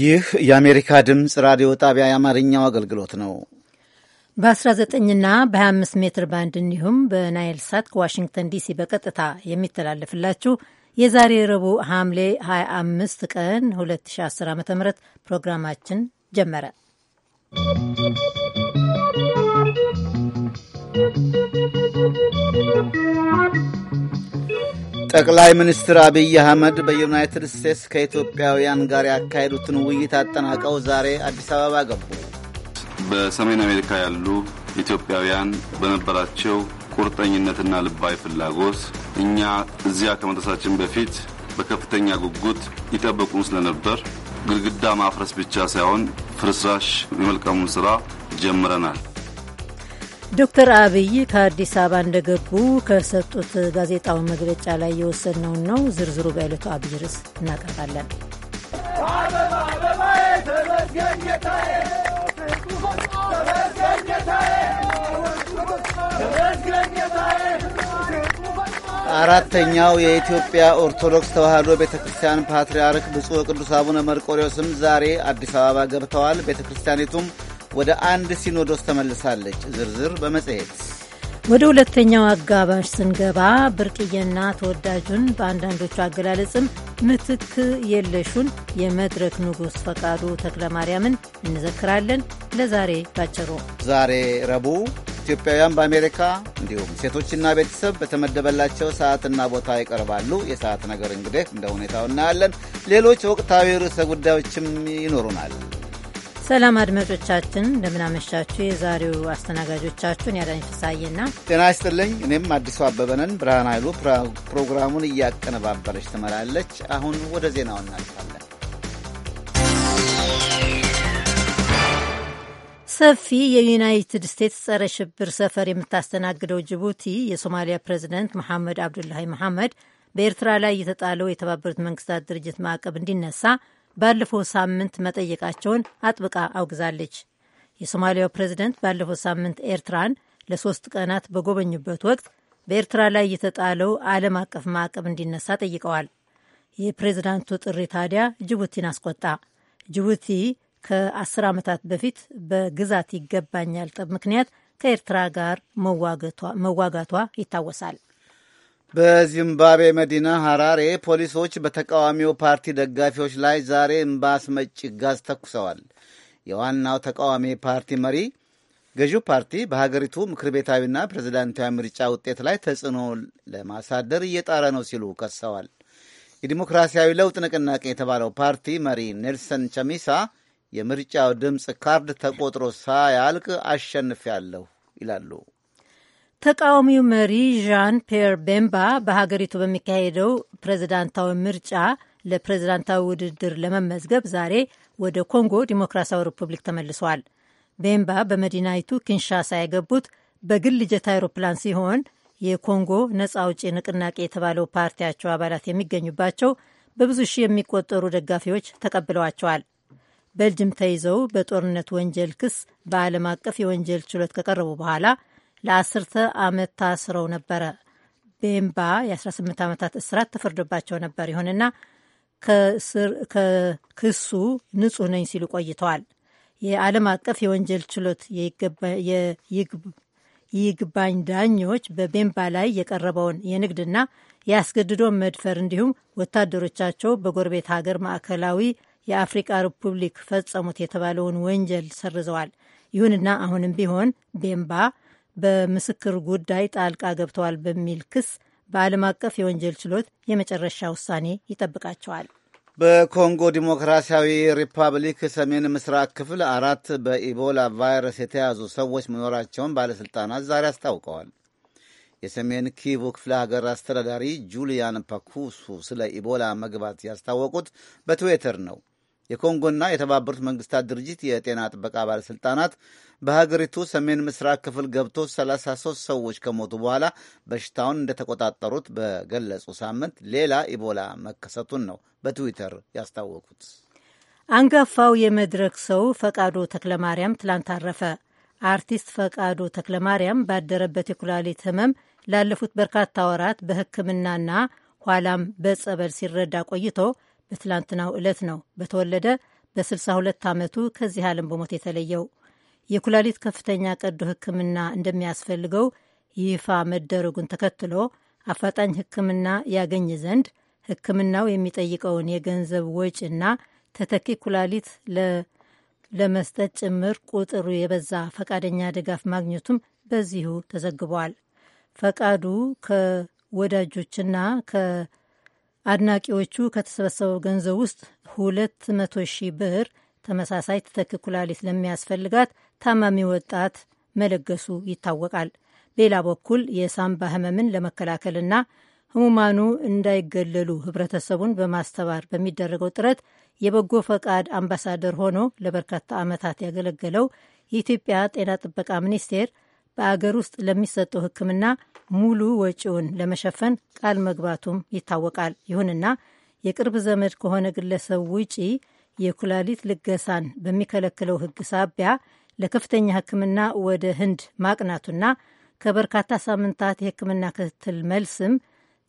ይህ የአሜሪካ ድምፅ ራዲዮ ጣቢያ የአማርኛው አገልግሎት ነው። በ19ና በ25 ሜትር ባንድ እንዲሁም በናይል ሳት ከዋሽንግተን ዲሲ በቀጥታ የሚተላለፍላችሁ የዛሬ ረቡዕ ሐምሌ 25 ቀን 2010 ዓ ም ፕሮግራማችን ጀመረ። ጠቅላይ ሚኒስትር አብይ አህመድ በዩናይትድ ስቴትስ ከኢትዮጵያውያን ጋር ያካሄዱትን ውይይት አጠናቀው ዛሬ አዲስ አበባ ገቡ። በሰሜን አሜሪካ ያሉ ኢትዮጵያውያን በነበራቸው ቁርጠኝነትና ልባዊ ፍላጎት እኛ እዚያ ከመድረሳችን በፊት በከፍተኛ ጉጉት ይጠብቁን ስለነበር ግድግዳ ማፍረስ ብቻ ሳይሆን ፍርስራሽ የመልቀሙን ስራ ጀምረናል። ዶክተር አብይ ከአዲስ አበባ እንደገቡ ከሰጡት ጋዜጣዊ መግለጫ ላይ የወሰድነውን ነው። ዝርዝሩ በዕለቱ አብይ ርዕስ እናቀርባለን። አራተኛው የኢትዮጵያ ኦርቶዶክስ ተዋሕዶ ቤተ ክርስቲያን ፓትርያርክ ብፁዕ ቅዱስ አቡነ መርቆሪዎስም ዛሬ አዲስ አበባ ገብተዋል። ቤተ ክርስቲያኒቱም ወደ አንድ ሲኖዶስ ተመልሳለች። ዝርዝር በመጽሔት። ወደ ሁለተኛው አጋባሽ ስንገባ ብርቅዬና ተወዳጁን በአንዳንዶቹ አገላለጽም ምትክ የለሹን የመድረክ ንጉሥ ፈቃዱ ተክለ ማርያምን እንዘክራለን። ለዛሬ ባጭሩ ዛሬ ረቡዕ ኢትዮጵያውያን በአሜሪካ እንዲሁም ሴቶችና ቤተሰብ በተመደበላቸው ሰዓትና ቦታ ይቀርባሉ። የሰዓት ነገር እንግዲህ እንደ ሁኔታው እናያለን። ሌሎች ወቅታዊ ርዕሰ ጉዳዮችም ይኖሩናል። ሰላም አድማጮቻችን እንደምናመሻችሁ። የዛሬው አስተናጋጆቻችሁን ያዳኝ ፍሳዬና ጤና ይስጥልኝ። እኔም አዲሱ አበበነን። ብርሃን ኃይሉ ፕሮግራሙን እያቀነባበረች ትመራለች። አሁን ወደ ዜናው እናልፋለን። ሰፊ የዩናይትድ ስቴትስ ጸረ ሽብር ሰፈር የምታስተናግደው ጅቡቲ የሶማሊያ ፕሬዚደንት መሐመድ አብዱላሂ መሐመድ በኤርትራ ላይ የተጣለው የተባበሩት መንግስታት ድርጅት ማዕቀብ እንዲነሳ ባለፈው ሳምንት መጠየቃቸውን አጥብቃ አውግዛለች። የሶማሊያው ፕሬዚደንት ባለፈው ሳምንት ኤርትራን ለሶስት ቀናት በጎበኙበት ወቅት በኤርትራ ላይ የተጣለው ዓለም አቀፍ ማዕቀብ እንዲነሳ ጠይቀዋል። የፕሬዚዳንቱ ጥሪ ታዲያ ጅቡቲን አስቆጣ። ጅቡቲ ከአስር ዓመታት በፊት በግዛት ይገባኛል ጠብ ምክንያት ከኤርትራ ጋር መዋጋቷ ይታወሳል። በዚምባብዌ መዲና ሐራሬ ፖሊሶች በተቃዋሚው ፓርቲ ደጋፊዎች ላይ ዛሬ እምባ አስመጪ ጋዝ ተኩሰዋል። የዋናው ተቃዋሚ ፓርቲ መሪ ገዢው ፓርቲ በሀገሪቱ ምክር ቤታዊና ፕሬዚዳንታዊ ምርጫ ውጤት ላይ ተጽዕኖ ለማሳደር እየጣረ ነው ሲሉ ከሰዋል። የዲሞክራሲያዊ ለውጥ ንቅናቄ የተባለው ፓርቲ መሪ ኔልሰን ቸሚሳ የምርጫው ድምፅ ካርድ ተቆጥሮ ሳያልቅ አሸንፊያለሁ ይላሉ። ተቃዋሚው መሪ ዣን ፒየር ቤምባ በሀገሪቱ በሚካሄደው ፕሬዝዳንታዊ ምርጫ ለፕሬዝዳንታዊ ውድድር ለመመዝገብ ዛሬ ወደ ኮንጎ ዲሞክራሲያዊ ሪፑብሊክ ተመልሰዋል። ቤምባ በመዲናይቱ ኪንሻሳ የገቡት በግል ጀት አይሮፕላን ሲሆን የኮንጎ ነጻ አውጪ ንቅናቄ የተባለው ፓርቲያቸው አባላት የሚገኙባቸው በብዙ ሺህ የሚቆጠሩ ደጋፊዎች ተቀብለዋቸዋል። በልጅም ተይዘው በጦርነት ወንጀል ክስ በዓለም አቀፍ የወንጀል ችሎት ከቀረቡ በኋላ ለአስርተ ዓመት ታስረው ነበረ። ቤምባ የ18 ዓመታት እስራት ተፈርዶባቸው ነበር። ይሁንና ከክሱ ንጹህ ነኝ ሲሉ ቆይተዋል። የዓለም አቀፍ የወንጀል ችሎት ይግባኝ ዳኞች በቤምባ ላይ የቀረበውን የንግድና የአስገድዶ መድፈር እንዲሁም ወታደሮቻቸው በጎረቤት ሀገር ማዕከላዊ የአፍሪቃ ሪፑብሊክ ፈጸሙት የተባለውን ወንጀል ሰርዘዋል። ይሁንና አሁንም ቢሆን ቤምባ በምስክር ጉዳይ ጣልቃ ገብተዋል በሚል ክስ በዓለም አቀፍ የወንጀል ችሎት የመጨረሻ ውሳኔ ይጠብቃቸዋል። በኮንጎ ዲሞክራሲያዊ ሪፐብሊክ ሰሜን ምስራቅ ክፍል አራት በኢቦላ ቫይረስ የተያዙ ሰዎች መኖራቸውን ባለሥልጣናት ዛሬ አስታውቀዋል። የሰሜን ኪቡ ክፍለ ሀገር አስተዳዳሪ ጁልያን ፓኩሱ ስለ ኢቦላ መግባት ያስታወቁት በትዊተር ነው። የኮንጎና የተባበሩት መንግስታት ድርጅት የጤና ጥበቃ ባለሥልጣናት በሀገሪቱ ሰሜን ምስራቅ ክፍል ገብቶ 33 ሰዎች ከሞቱ በኋላ በሽታውን እንደተቆጣጠሩት በገለጹ ሳምንት ሌላ ኢቦላ መከሰቱን ነው በትዊተር ያስታወቁት። አንጋፋው የመድረክ ሰው ፈቃዶ ተክለማርያም ትላንት አረፈ። አርቲስት ፈቃዶ ተክለማርያም ባደረበት የኩላሊት ህመም ላለፉት በርካታ ወራት በሕክምናና ኋላም በጸበል ሲረዳ ቆይቶ በትላንትናው ዕለት ነው በተወለደ በ62 ዓመቱ ከዚህ ዓለም በሞት የተለየው። የኩላሊት ከፍተኛ ቀዶ ሕክምና እንደሚያስፈልገው ይፋ መደረጉን ተከትሎ አፋጣኝ ሕክምና ያገኝ ዘንድ ሕክምናው የሚጠይቀውን የገንዘብ ወጪና ተተኪ ኩላሊት ለመስጠት ጭምር ቁጥሩ የበዛ ፈቃደኛ ድጋፍ ማግኘቱም በዚሁ ተዘግቧል። ፈቃዱ ከወዳጆችና አድናቂዎቹ ከተሰበሰበው ገንዘብ ውስጥ 200 ሺህ ብር ተመሳሳይ ተተኪ ኩላሊት ለሚያስፈልጋት ታማሚ ወጣት መለገሱ ይታወቃል። በሌላ በኩል የሳምባ ህመምን ለመከላከልና ህሙማኑ እንዳይገለሉ ህብረተሰቡን በማስተባር በሚደረገው ጥረት የበጎ ፈቃድ አምባሳደር ሆኖ ለበርካታ ዓመታት ያገለገለው የኢትዮጵያ ጤና ጥበቃ ሚኒስቴር በአገር ውስጥ ለሚሰጠው ሕክምና ሙሉ ወጪውን ለመሸፈን ቃል መግባቱም ይታወቃል። ይሁንና የቅርብ ዘመድ ከሆነ ግለሰብ ውጪ የኩላሊት ልገሳን በሚከለክለው ሕግ ሳቢያ ለከፍተኛ ሕክምና ወደ ህንድ ማቅናቱና ከበርካታ ሳምንታት የሕክምና ክትትል መልስም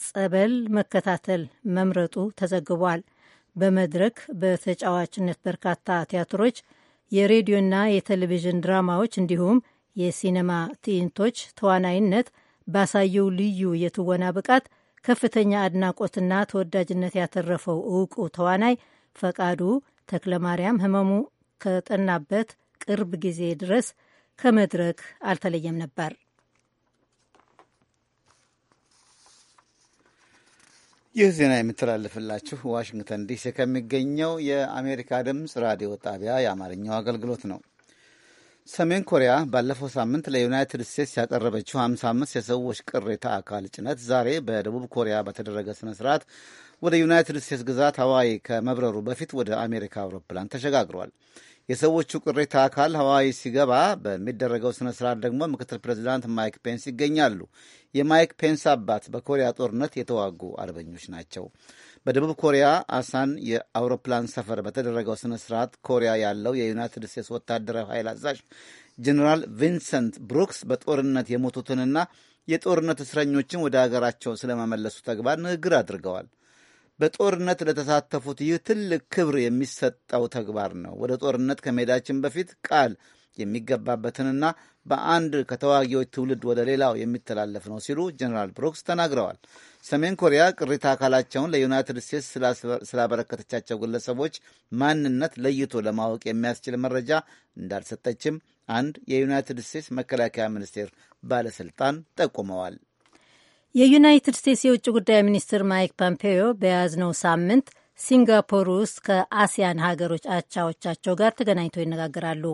ጸበል መከታተል መምረጡ ተዘግቧል። በመድረክ በተጫዋችነት በርካታ ቲያትሮች፣ የሬዲዮና የቴሌቪዥን ድራማዎች እንዲሁም የሲኔማ ትዕይንቶች ተዋናይነት ባሳየው ልዩ የትወና ብቃት ከፍተኛ አድናቆትና ተወዳጅነት ያተረፈው እውቁ ተዋናይ ፈቃዱ ተክለማርያም ህመሙ ከጠናበት ቅርብ ጊዜ ድረስ ከመድረክ አልተለየም ነበር። ይህ ዜና የምተላለፍላችሁ ዋሽንግተን ዲሲ ከሚገኘው የአሜሪካ ድምፅ ራዲዮ ጣቢያ የአማርኛው አገልግሎት ነው። ሰሜን ኮሪያ ባለፈው ሳምንት ለዩናይትድ ስቴትስ ያቀረበችው 55 የሰዎች ቅሬታ አካል ጭነት ዛሬ በደቡብ ኮሪያ በተደረገ ስነ ስርዓት ወደ ዩናይትድ ስቴትስ ግዛት ሀዋይ ከመብረሩ በፊት ወደ አሜሪካ አውሮፕላን ተሸጋግሯል። የሰዎቹ ቅሬታ አካል ሀዋይ ሲገባ በሚደረገው ስነ ስርዓት ደግሞ ምክትል ፕሬዚዳንት ማይክ ፔንስ ይገኛሉ። የማይክ ፔንስ አባት በኮሪያ ጦርነት የተዋጉ አርበኞች ናቸው። በደቡብ ኮሪያ አሳን የአውሮፕላን ሰፈር በተደረገው ስነ ስርዓት ኮሪያ ያለው የዩናይትድ ስቴትስ ወታደራዊ ኃይል አዛዥ ጀኔራል ቪንሰንት ብሩክስ በጦርነት የሞቱትንና የጦርነት እስረኞችን ወደ አገራቸው ስለመመለሱ ተግባር ንግግር አድርገዋል። በጦርነት ለተሳተፉት ይህ ትልቅ ክብር የሚሰጠው ተግባር ነው። ወደ ጦርነት ከመሄዳችን በፊት ቃል የሚገባበትንና በአንድ ከተዋጊዎች ትውልድ ወደ ሌላው የሚተላለፍ ነው ሲሉ ጀኔራል ብሮክስ ተናግረዋል። ሰሜን ኮሪያ ቅሪታ አካላቸውን ለዩናይትድ ስቴትስ ስላበረከተቻቸው ግለሰቦች ማንነት ለይቶ ለማወቅ የሚያስችል መረጃ እንዳልሰጠችም አንድ የዩናይትድ ስቴትስ መከላከያ ሚኒስቴር ባለስልጣን ጠቁመዋል። የዩናይትድ ስቴትስ የውጭ ጉዳይ ሚኒስትር ማይክ ፖምፔዮ በያዝነው ሳምንት ሲንጋፖር ውስጥ ከአሲያን ሀገሮች አቻዎቻቸው ጋር ተገናኝተው ይነጋገራሉ።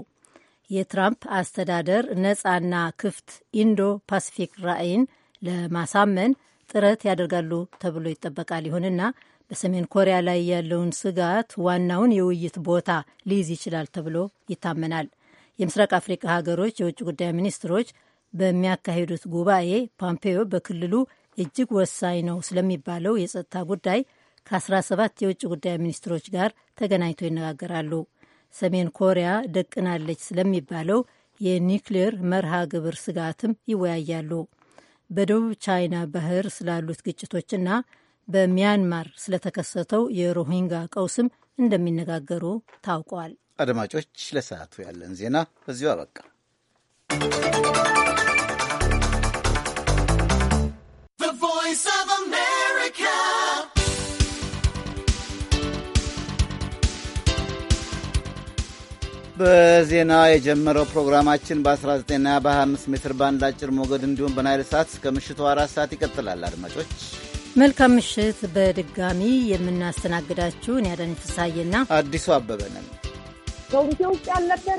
የትራምፕ አስተዳደር ነፃና ክፍት ኢንዶ ፓሲፊክ ራዕይን ለማሳመን ጥረት ያደርጋሉ ተብሎ ይጠበቃል። ይሁንና በሰሜን ኮሪያ ላይ ያለውን ስጋት ዋናውን የውይይት ቦታ ሊይዝ ይችላል ተብሎ ይታመናል። የምስራቅ አፍሪካ ሀገሮች የውጭ ጉዳይ ሚኒስትሮች በሚያካሂዱት ጉባኤ ፖምፔዮ በክልሉ እጅግ ወሳኝ ነው ስለሚባለው የጸጥታ ጉዳይ ከ17 የውጭ ጉዳይ ሚኒስትሮች ጋር ተገናኝቶ ይነጋገራሉ። ሰሜን ኮሪያ ደቅናለች ስለሚባለው የኒክሌር መርሃ ግብር ስጋትም ይወያያሉ። በደቡብ ቻይና ባህር ስላሉት ግጭቶችና በሚያንማር ስለተከሰተው የሮሂንጋ ቀውስም እንደሚነጋገሩ ታውቋል። አድማጮች፣ ለሰዓቱ ያለን ዜና በዚሁ አበቃ። በዜና የጀመረው ፕሮግራማችን በ19ና በ25 ሜትር ባንድ አጭር ሞገድ እንዲሁም በናይል ሰዓት እስከ ምሽቱ አራት ሰዓት ይቀጥላል። አድማጮች መልካም ምሽት። በድጋሚ የምናስተናግዳችሁ እኔ አዳነች ፍስሐዬና አዲሱ አበበ ነን። ኮሚቴ ውስጥ ያልነበረ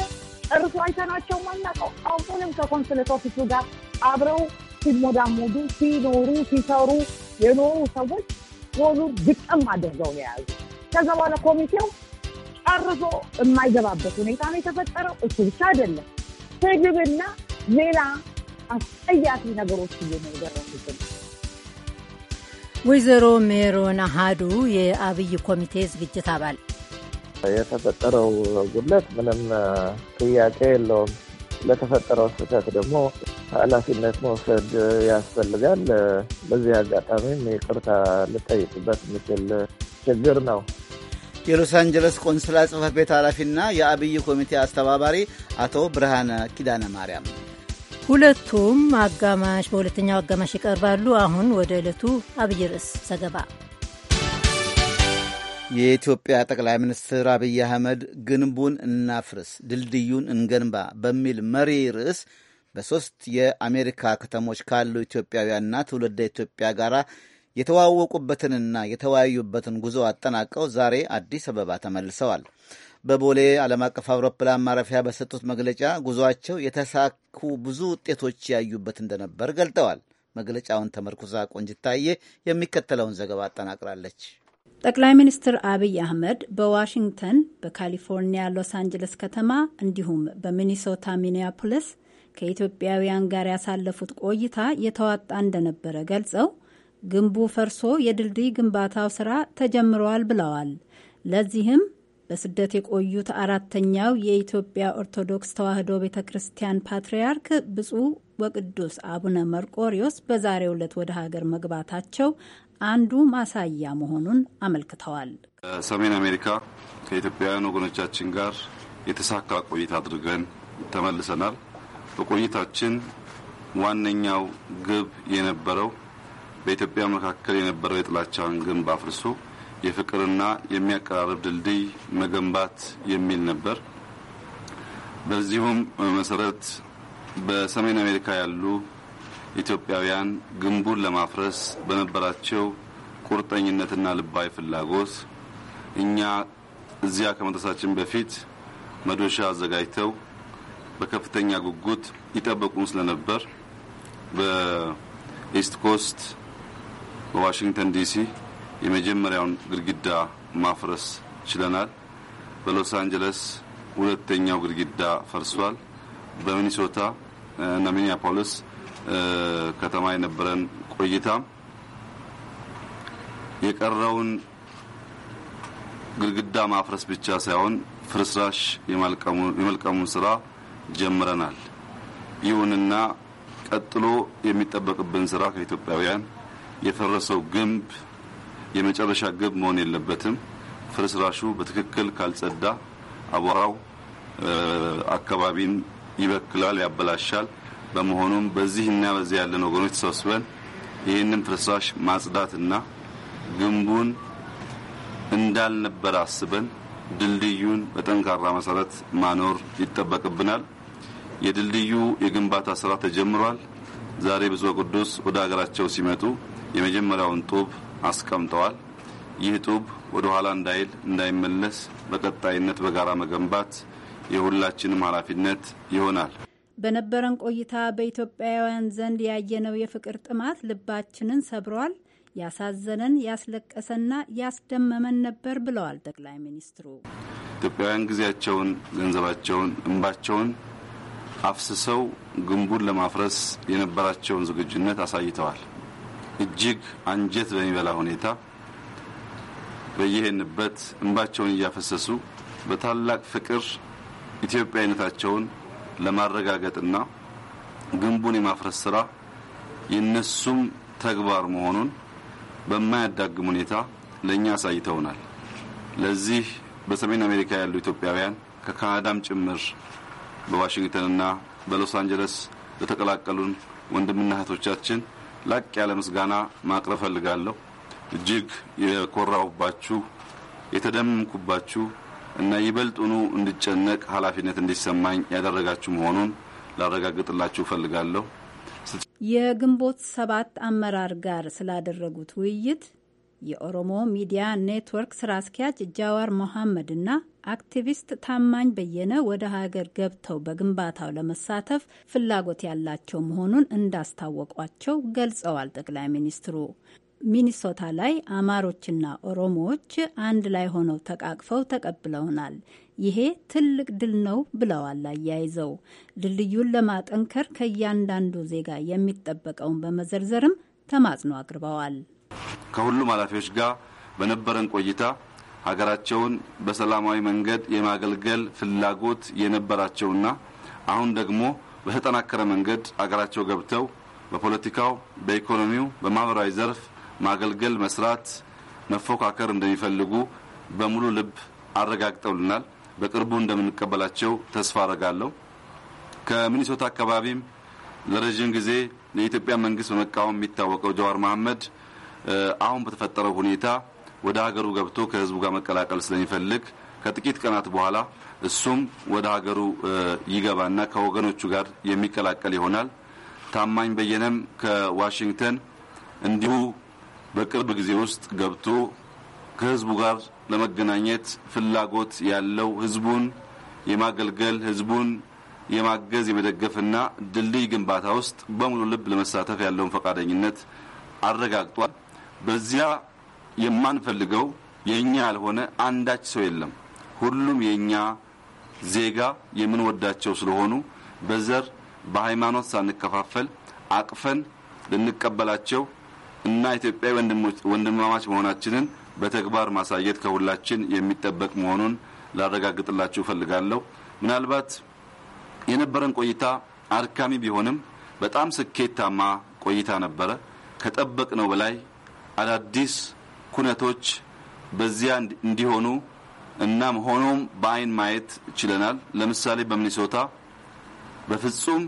እርሱ አይተናቸው ማናቀው አሁንም ከኮንስለት ኦፊሱ ጋር አብረው ሲሞዳሞዱ ሲኖሩ ሲሰሩ የኖሩ ሰዎች ሆኑ ግጥም አድርገው ነው የያዙ። ከዛ በኋላ ኮሚቴው ጨርሶ የማይገባበት ሁኔታ ነው የተፈጠረው። እሱ ብቻ አይደለም፣ ስድብና ሌላ አስጠያፊ ነገሮች እየደረሱብን። ወይዘሮ ሜሮን አሃዱ የአብይ ኮሚቴ ዝግጅት አባል፣ የተፈጠረው ጉድለት ምንም ጥያቄ የለውም። ለተፈጠረው ስህተት ደግሞ ኃላፊነት መውሰድ ያስፈልጋል። በዚህ አጋጣሚም ይቅርታ ልጠይቅበት የምችል ችግር ነው። የሎስ አንጀለስ ቆንስላ ጽህፈት ቤት ኃላፊና የአብይ ኮሚቴ አስተባባሪ አቶ ብርሃነ ኪዳነ ማርያም ሁለቱም አጋማሽ በሁለተኛው አጋማሽ ይቀርባሉ። አሁን ወደ ዕለቱ አብይ ርዕስ ዘገባ። የኢትዮጵያ ጠቅላይ ሚኒስትር አብይ አህመድ ግንቡን እናፍርስ ድልድዩን እንገንባ በሚል መሪ ርዕስ በሦስት የአሜሪካ ከተሞች ካሉ ኢትዮጵያውያንና ትውልደ ኢትዮጵያ ጋር የተዋወቁበትንና የተወያዩበትን ጉዞ አጠናቀው ዛሬ አዲስ አበባ ተመልሰዋል። በቦሌ ዓለም አቀፍ አውሮፕላን ማረፊያ በሰጡት መግለጫ ጉዞአቸው የተሳኩ ብዙ ውጤቶች ያዩበት እንደነበር ገልጠዋል። መግለጫውን ተመርኩዛ ቆንጅታዬ የሚከተለውን ዘገባ አጠናቅራለች። ጠቅላይ ሚኒስትር አብይ አህመድ በዋሽንግተን፣ በካሊፎርኒያ ሎስ አንጀለስ ከተማ እንዲሁም በሚኒሶታ ሚኒያፖሊስ ከኢትዮጵያውያን ጋር ያሳለፉት ቆይታ የተዋጣ እንደነበረ ገልጸው ግንቡ ፈርሶ የድልድይ ግንባታው ስራ ተጀምረዋል ብለዋል። ለዚህም በስደት የቆዩት አራተኛው የኢትዮጵያ ኦርቶዶክስ ተዋሕዶ ቤተ ክርስቲያን ፓትርያርክ ብፁዕ ወቅዱስ አቡነ መርቆሪዎስ በዛሬው ዕለት ወደ ሀገር መግባታቸው አንዱ ማሳያ መሆኑን አመልክተዋል። ሰሜን አሜሪካ ከኢትዮጵያውያን ወገኖቻችን ጋር የተሳካ ቆይታ አድርገን ተመልሰናል። በቆይታችን ዋነኛው ግብ የነበረው በኢትዮጵያ መካከል የነበረው የጥላቻን ግንብ አፍርሶ የፍቅርና የሚያቀራርብ ድልድይ መገንባት የሚል ነበር። በዚሁም መሰረት በሰሜን አሜሪካ ያሉ ኢትዮጵያውያን ግንቡን ለማፍረስ በነበራቸው ቁርጠኝነትና ልባዊ ፍላጎት እኛ እዚያ ከመድረሳችን በፊት መዶሻ አዘጋጅተው በከፍተኛ ጉጉት ይጠበቁን ስለነበር በኢስት ኮስት በዋሽንግተን ዲሲ የመጀመሪያውን ግድግዳ ማፍረስ ችለናል። በሎስ አንጀለስ ሁለተኛው ግድግዳ ፈርሷል። በሚኒሶታ እና ሚኒያፖሊስ ከተማ የነበረን ቆይታ የቀረውን ግድግዳ ማፍረስ ብቻ ሳይሆን ፍርስራሽ የመልቀሙን ስራ ጀምረናል። ይሁንና ቀጥሎ የሚጠበቅብን ስራ ከኢትዮጵያውያን የፈረሰው ግንብ የመጨረሻ ግብ መሆን የለበትም። ፍርስራሹ በትክክል ካልጸዳ አቧራው አካባቢን ይበክላል፣ ያበላሻል። በመሆኑም በዚህ እና በዚህ ያለን ወገኖች ተሰብስበን ይህንን ፍርስራሽ ማጽዳትና ግንቡን እንዳልነበረ አስበን ድልድዩን በጠንካራ መሰረት ማኖር ይጠበቅብናል። የድልድዩ የግንባታ ስራ ተጀምሯል። ዛሬ ብፁዕ ቅዱስ ወደ ሀገራቸው ሲመጡ የመጀመሪያውን ጡብ አስቀምጠዋል። ይህ ጡብ ወደ ኋላ እንዳይል እንዳይመለስ በቀጣይነት በጋራ መገንባት የሁላችንም ኃላፊነት ይሆናል። በነበረን ቆይታ በኢትዮጵያውያን ዘንድ ያየነው የፍቅር ጥማት ልባችንን ሰብሯል፣ ያሳዘነን፣ ያስለቀሰና ያስደመመን ነበር ብለዋል ጠቅላይ ሚኒስትሩ። ኢትዮጵያውያን ጊዜያቸውን፣ ገንዘባቸውን፣ እንባቸውን አፍስሰው ግንቡን ለማፍረስ የነበራቸውን ዝግጁነት አሳይተዋል። እጅግ አንጀት በሚበላ ሁኔታ በየሄንበት እንባቸውን እያፈሰሱ በታላቅ ፍቅር ኢትዮጵያዊነታቸውን ለማረጋገጥና ግንቡን የማፍረስ ስራ የነሱም ተግባር መሆኑን በማያዳግም ሁኔታ ለእኛ አሳይተውናል። ለዚህ በሰሜን አሜሪካ ያሉ ኢትዮጵያውያን ከካናዳም ጭምር በዋሽንግተንና በሎስ አንጀለስ ለተቀላቀሉን ወንድምና እህቶቻችን ላቅ ያለ ምስጋና ማቅረብ ፈልጋለሁ። እጅግ የኮራሁባችሁ፣ የተደመምኩባችሁ እና ይበልጡኑ እንድጨነቅ ኃላፊነት እንዲሰማኝ ያደረጋችሁ መሆኑን ላረጋግጥላችሁ ፈልጋለሁ። የግንቦት ሰባት አመራር ጋር ስላደረጉት ውይይት የኦሮሞ ሚዲያ ኔትወርክ ስራ አስኪያጅ ጃዋር መሐመድ እና አክቲቪስት ታማኝ በየነ ወደ ሀገር ገብተው በግንባታው ለመሳተፍ ፍላጎት ያላቸው መሆኑን እንዳስታወቋቸው ገልጸዋል። ጠቅላይ ሚኒስትሩ ሚኒሶታ ላይ አማሮችና ኦሮሞዎች አንድ ላይ ሆነው ተቃቅፈው ተቀብለውናል። ይሄ ትልቅ ድል ነው ብለዋል። አያይዘው ድልድዩን ለማጠንከር ከእያንዳንዱ ዜጋ የሚጠበቀውን በመዘርዘርም ተማጽኖ አቅርበዋል። ከሁሉም ኃላፊዎች ጋር በነበረን ቆይታ ሀገራቸውን በሰላማዊ መንገድ የማገልገል ፍላጎት የነበራቸውና አሁን ደግሞ በተጠናከረ መንገድ አገራቸው ገብተው በፖለቲካው፣ በኢኮኖሚው፣ በማህበራዊ ዘርፍ ማገልገል፣ መስራት፣ መፎካከር እንደሚፈልጉ በሙሉ ልብ አረጋግጠውልናል። በቅርቡ እንደምንቀበላቸው ተስፋ አረጋለሁ። ከሚኒሶታ አካባቢም ለረዥም ጊዜ የኢትዮጵያ መንግስት በመቃወም የሚታወቀው ጀዋር መሐመድ አሁን በተፈጠረው ሁኔታ ወደ ሀገሩ ገብቶ ከህዝቡ ጋር መቀላቀል ስለሚፈልግ ከጥቂት ቀናት በኋላ እሱም ወደ ሀገሩ ይገባና ከወገኖቹ ጋር የሚቀላቀል ይሆናል። ታማኝ በየነም ከዋሽንግተን እንዲሁ በቅርብ ጊዜ ውስጥ ገብቶ ከህዝቡ ጋር ለመገናኘት ፍላጎት ያለው ህዝቡን የማገልገል ህዝቡን የማገዝ የመደገፍና ድልድይ ግንባታ ውስጥ በሙሉ ልብ ለመሳተፍ ያለውን ፈቃደኝነት አረጋግጧል። በዚያ የማንፈልገው የእኛ ያልሆነ አንዳች ሰው የለም። ሁሉም የእኛ ዜጋ የምንወዳቸው ስለሆኑ በዘር በሃይማኖት ሳንከፋፈል አቅፈን ልንቀበላቸው እና ኢትዮጵያዊ ወንድማማች መሆናችንን በተግባር ማሳየት ከሁላችን የሚጠበቅ መሆኑን ላረጋግጥላችሁ እፈልጋለሁ። ምናልባት የነበረን ቆይታ አድካሚ ቢሆንም በጣም ስኬታማ ቆይታ ነበረ። ከጠበቅነው በላይ አዳዲስ ኩነቶች በዚያ እንዲሆኑ እናም ሆኖም በአይን ማየት ችለናል። ለምሳሌ በሚኒሶታ በፍጹም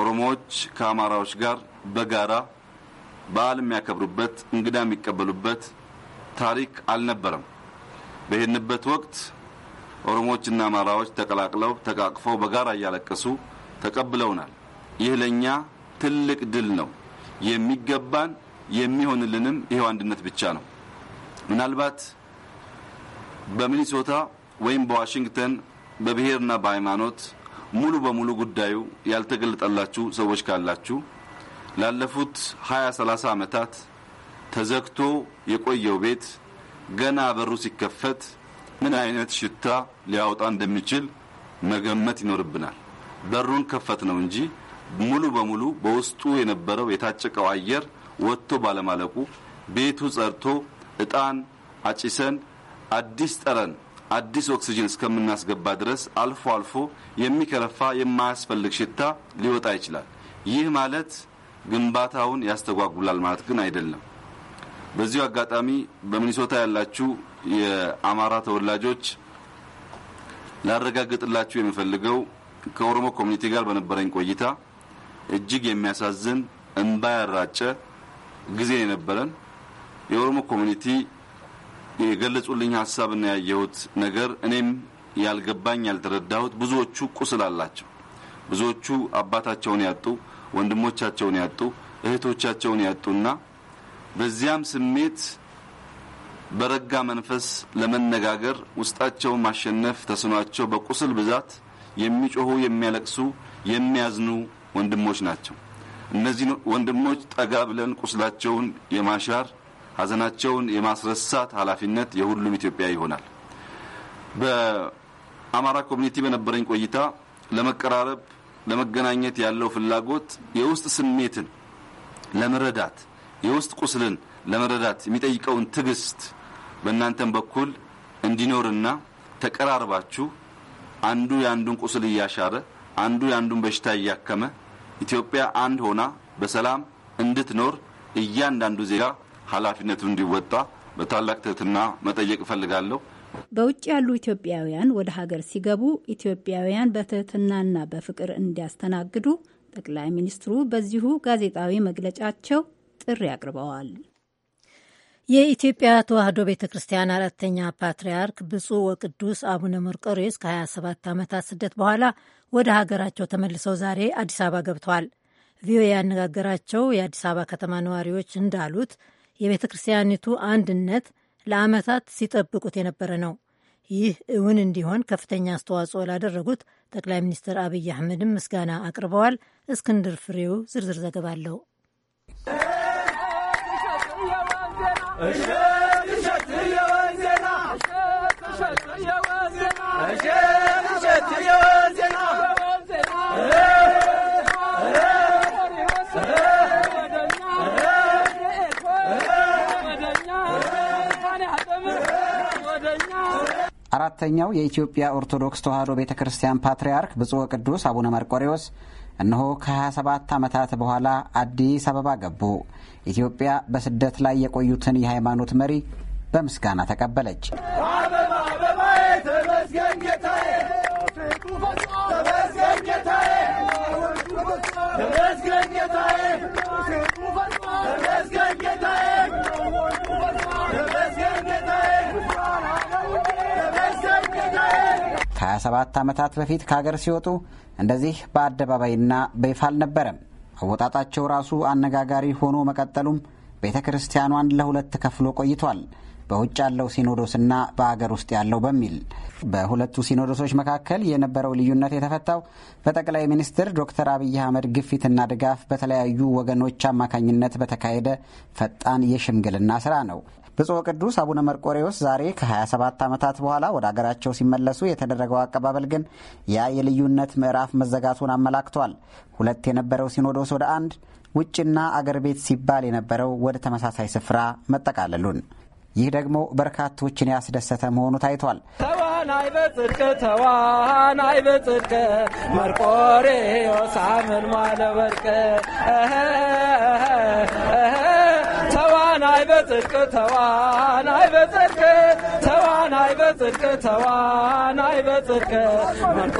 ኦሮሞዎች ከአማራዎች ጋር በጋራ በዓል የሚያከብሩበት እንግዳ የሚቀበሉበት ታሪክ አልነበረም። በሄድንበት ወቅት ኦሮሞዎችና አማራዎች ተቀላቅለው ተቃቅፈው በጋራ እያለቀሱ ተቀብለውናል። ይህ ለእኛ ትልቅ ድል ነው። የሚገባን የሚሆንልንም ይሄው አንድነት ብቻ ነው። ምናልባት በሚኒሶታ ወይም በዋሽንግተን በብሔርና በሃይማኖት ሙሉ በሙሉ ጉዳዩ ያልተገለጠላችሁ ሰዎች ካላችሁ ላለፉት 20 30 ዓመታት ተዘግቶ የቆየው ቤት ገና በሩ ሲከፈት ምን አይነት ሽታ ሊያወጣ እንደሚችል መገመት ይኖርብናል። በሩን ከፈት ነው እንጂ ሙሉ በሙሉ በውስጡ የነበረው የታጨቀው አየር ወጥቶ ባለማለቁ ቤቱ ጸርቶ እጣን አጭሰን አዲስ ጠረን አዲስ ኦክሲጅን እስከምናስገባ ድረስ አልፎ አልፎ የሚከረፋ የማያስፈልግ ሽታ ሊወጣ ይችላል። ይህ ማለት ግንባታውን ያስተጓጉላል ማለት ግን አይደለም። በዚሁ አጋጣሚ በሚኒሶታ ያላችሁ የአማራ ተወላጆች ላረጋግጥላችሁ የምፈልገው ከኦሮሞ ኮሚኒቲ ጋር በነበረኝ ቆይታ እጅግ የሚያሳዝን እንባ ያራጨ ጊዜ የነበረን የኦሮሞ ኮሚኒቲ የገለጹልኝ ሀሳብና ያየሁት ነገር እኔም ያልገባኝ ያልተረዳሁት፣ ብዙዎቹ ቁስል አላቸው። ብዙዎቹ አባታቸውን ያጡ፣ ወንድሞቻቸውን ያጡ፣ እህቶቻቸውን ያጡና በዚያም ስሜት በረጋ መንፈስ ለመነጋገር ውስጣቸውን ማሸነፍ ተስኗቸው በቁስል ብዛት የሚጮሁ የሚያለቅሱ፣ የሚያዝኑ ወንድሞች ናቸው። እነዚህን ወንድሞች ጠጋ ብለን ቁስላቸውን የማሻር ሀዘናቸውን የማስረሳት ኃላፊነት የሁሉም ኢትዮጵያ ይሆናል። በአማራ ኮሚኒቲ በነበረኝ ቆይታ ለመቀራረብ፣ ለመገናኘት ያለው ፍላጎት የውስጥ ስሜትን ለመረዳት የውስጥ ቁስልን ለመረዳት የሚጠይቀውን ትዕግስት በእናንተም በኩል እንዲኖርና ተቀራርባችሁ አንዱ የአንዱን ቁስል እያሻረ አንዱ የአንዱን በሽታ እያከመ ኢትዮጵያ አንድ ሆና በሰላም እንድትኖር እያንዳንዱ ዜጋ ኃላፊነቱን እንዲወጣ በታላቅ ትህትና መጠየቅ እፈልጋለሁ። በውጭ ያሉ ኢትዮጵያውያን ወደ ሀገር ሲገቡ ኢትዮጵያውያን በትህትናና በፍቅር እንዲያስተናግዱ ጠቅላይ ሚኒስትሩ በዚሁ ጋዜጣዊ መግለጫቸው ጥሪ አቅርበዋል። የኢትዮጵያ ተዋሕዶ ቤተ ክርስቲያን አራተኛ ፓትርያርክ ብፁዕ ወቅዱስ አቡነ መርቆሬዎስ ከ27 ዓመታት ስደት በኋላ ወደ ሀገራቸው ተመልሰው ዛሬ አዲስ አበባ ገብተዋል። ቪኦኤ ያነጋገራቸው የአዲስ አበባ ከተማ ነዋሪዎች እንዳሉት የቤተ ክርስቲያኒቱ አንድነት ለዓመታት ሲጠብቁት የነበረ ነው። ይህ እውን እንዲሆን ከፍተኛ አስተዋጽኦ ላደረጉት ጠቅላይ ሚኒስትር አብይ አህመድም ምስጋና አቅርበዋል። እስክንድር ፍሬው ዝርዝር ዘገባ አለው። አራተኛው የኢትዮጵያ ኦርቶዶክስ ተዋሕዶ ቤተ ክርስቲያን ፓትርያርክ ብፁዕ ቅዱስ አቡነ መርቆሬዎስ እነሆ ከ27 ዓመታት በኋላ አዲስ አበባ ገቡ። ኢትዮጵያ በስደት ላይ የቆዩትን የሃይማኖት መሪ በምስጋና ተቀበለች። ከ27 ዓመታት በፊት ከሀገር ሲወጡ እንደዚህ በአደባባይና በይፋ አልነበረም። አወጣጣቸው ራሱ አነጋጋሪ ሆኖ መቀጠሉም ቤተ ክርስቲያኗን ለሁለት ከፍሎ ቆይቷል። በውጭ ያለው ሲኖዶስና በአገር ውስጥ ያለው በሚል በሁለቱ ሲኖዶሶች መካከል የነበረው ልዩነት የተፈታው በጠቅላይ ሚኒስትር ዶክተር አብይ አህመድ ግፊትና ድጋፍ በተለያዩ ወገኖች አማካኝነት በተካሄደ ፈጣን የሽምግልና ስራ ነው። ብፁዕ ቅዱስ አቡነ መርቆሬዎስ ዛሬ ከ27 ዓመታት በኋላ ወደ አገራቸው ሲመለሱ የተደረገው አቀባበል ግን ያ የልዩነት ምዕራፍ መዘጋቱን አመላክቷል። ሁለት የነበረው ሲኖዶስ ወደ አንድ፣ ውጭና አገር ቤት ሲባል የነበረው ወደ ተመሳሳይ ስፍራ መጠቃለሉን ይህ ደግሞ በርካቶችን ያስደሰተ መሆኑ ታይቷል። ተዋናይ በጽድቅ ተዋናይ በጽድቅ መርቆሬዎስ አምን ናይ በጽድቅ ተዋናይ በጽድቅ ተዋናይ በጽድቅ ተዋናይ በጽድቅ ወርቅ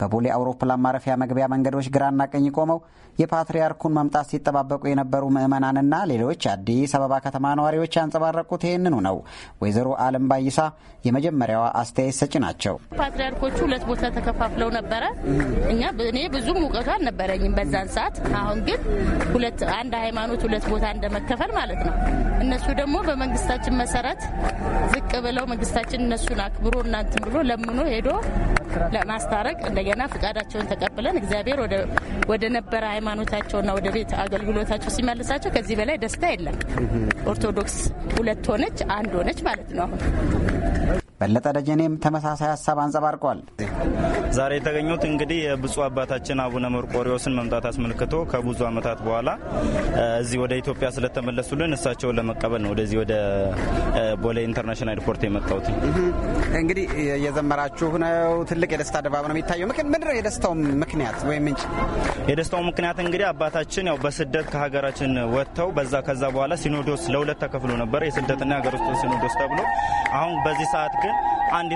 በቦሌ አውሮፕላን ማረፊያ መግቢያ መንገዶች ግራና ቀኝ ቆመው የፓትርያርኩን መምጣት ሲጠባበቁ የነበሩ ምዕመናንና ሌሎች አዲስ አበባ ከተማ ነዋሪዎች ያንጸባረቁት ይህንኑ ነው። ወይዘሮ አለም ባይሳ የመጀመሪያዋ አስተያየት ሰጪ ናቸው። ፓትርያርኮቹ ሁለት ቦታ ተከፋፍለው ነበረ። እኛ እኔ ብዙም እውቀቱ አልነበረኝም በዛን ሰዓት። አሁን ግን ሁለት አንድ ሃይማኖት ሁለት ቦታ እንደመከፈል ማለት ነው። እነሱ ደግሞ በመንግስታችን መሰረት ዝቅ ብለው መንግስታችን እነሱን አክብሮ እናንትን ብሎ ለምኖ ሄዶ ለማስታረቅ እንደገና ፍቃዳቸውን ተቀብለን እግዚአብሔር ወደ ነበረ ሃይማኖታቸውና ወደ ቤት አገልግሎታቸው ሲመልሳቸው ከዚህ በላይ ደስታ የለም። ኦርቶዶክስ ሁለት ሆነች፣ አንድ ሆነች ማለት ነው አሁን በለጠ ደጀኔም ተመሳሳይ ሀሳብ አንጸባርቋል። ዛሬ የተገኙት እንግዲህ የብፁዕ አባታችን አቡነ መርቆሪዎስን መምጣት አስመልክቶ ከብዙ ዓመታት በኋላ እዚህ ወደ ኢትዮጵያ ስለተመለሱልን እሳቸውን ለመቀበል ነው ወደዚህ ወደ ቦሌ ኢንተርናሽናል ኤርፖርት የመጣሁት። እንግዲህ እየዘመራችሁ ነው። ትልቅ የደስታ ድባብ ነው የሚታየው። ምንድነው የደስታው ምክንያት ወይም ምንጭ? የደስታው ምክንያት እንግዲህ አባታችን ያው በስደት ከሀገራችን ወጥተው በዛ ከዛ በኋላ ሲኖዶስ ለሁለት ተከፍሎ ነበር፣ የስደትና የሀገር ውስጥ ሲኖዶስ ተብሎ አሁን በዚህ ሰዓት ግን ግን አንድ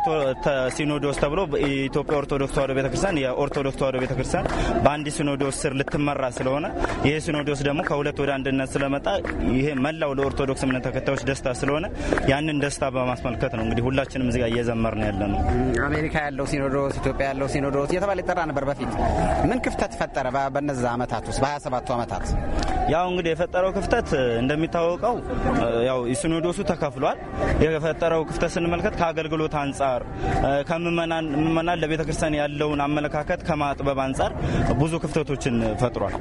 ሲኖዶስ ተብሎ የኢትዮጵያ ኦርቶዶክስ ተዋሕዶ ቤተክርስቲያን የኦርቶዶክስ ተዋሕዶ ቤተክርስቲያን በአንድ ሲኖዶስ ስር ልትመራ ስለሆነ ይህ ሲኖዶስ ደግሞ ከሁለት ወደ አንድነት ስለመጣ ይሄ መላው ለኦርቶዶክስ እምነት ተከታዮች ደስታ ስለሆነ ያንን ደስታ በማስመልከት ነው እንግዲህ ሁላችንም እዚጋ እየዘመር ነው ያለ ነው። አሜሪካ ያለው ሲኖዶስ፣ ኢትዮጵያ ያለው ሲኖዶስ እየተባለ ይጠራ ነበር በፊት። ምን ክፍተት ፈጠረ በነዛ ዓመታት ውስጥ በ27ቱ ዓመታት? ያው እንግዲህ የፈጠረው ክፍተት እንደሚታወቀው ያው ሲኖዶሱ ተከፍሏል። የፈጠረው ክፍተት ስንመልከት ከአገልግሎት አንጻር ከምእመናን ለቤተ ክርስቲያን ያለውን አመለካከት ከማጥበብ አንጻር ብዙ ክፍተቶችን ፈጥሯል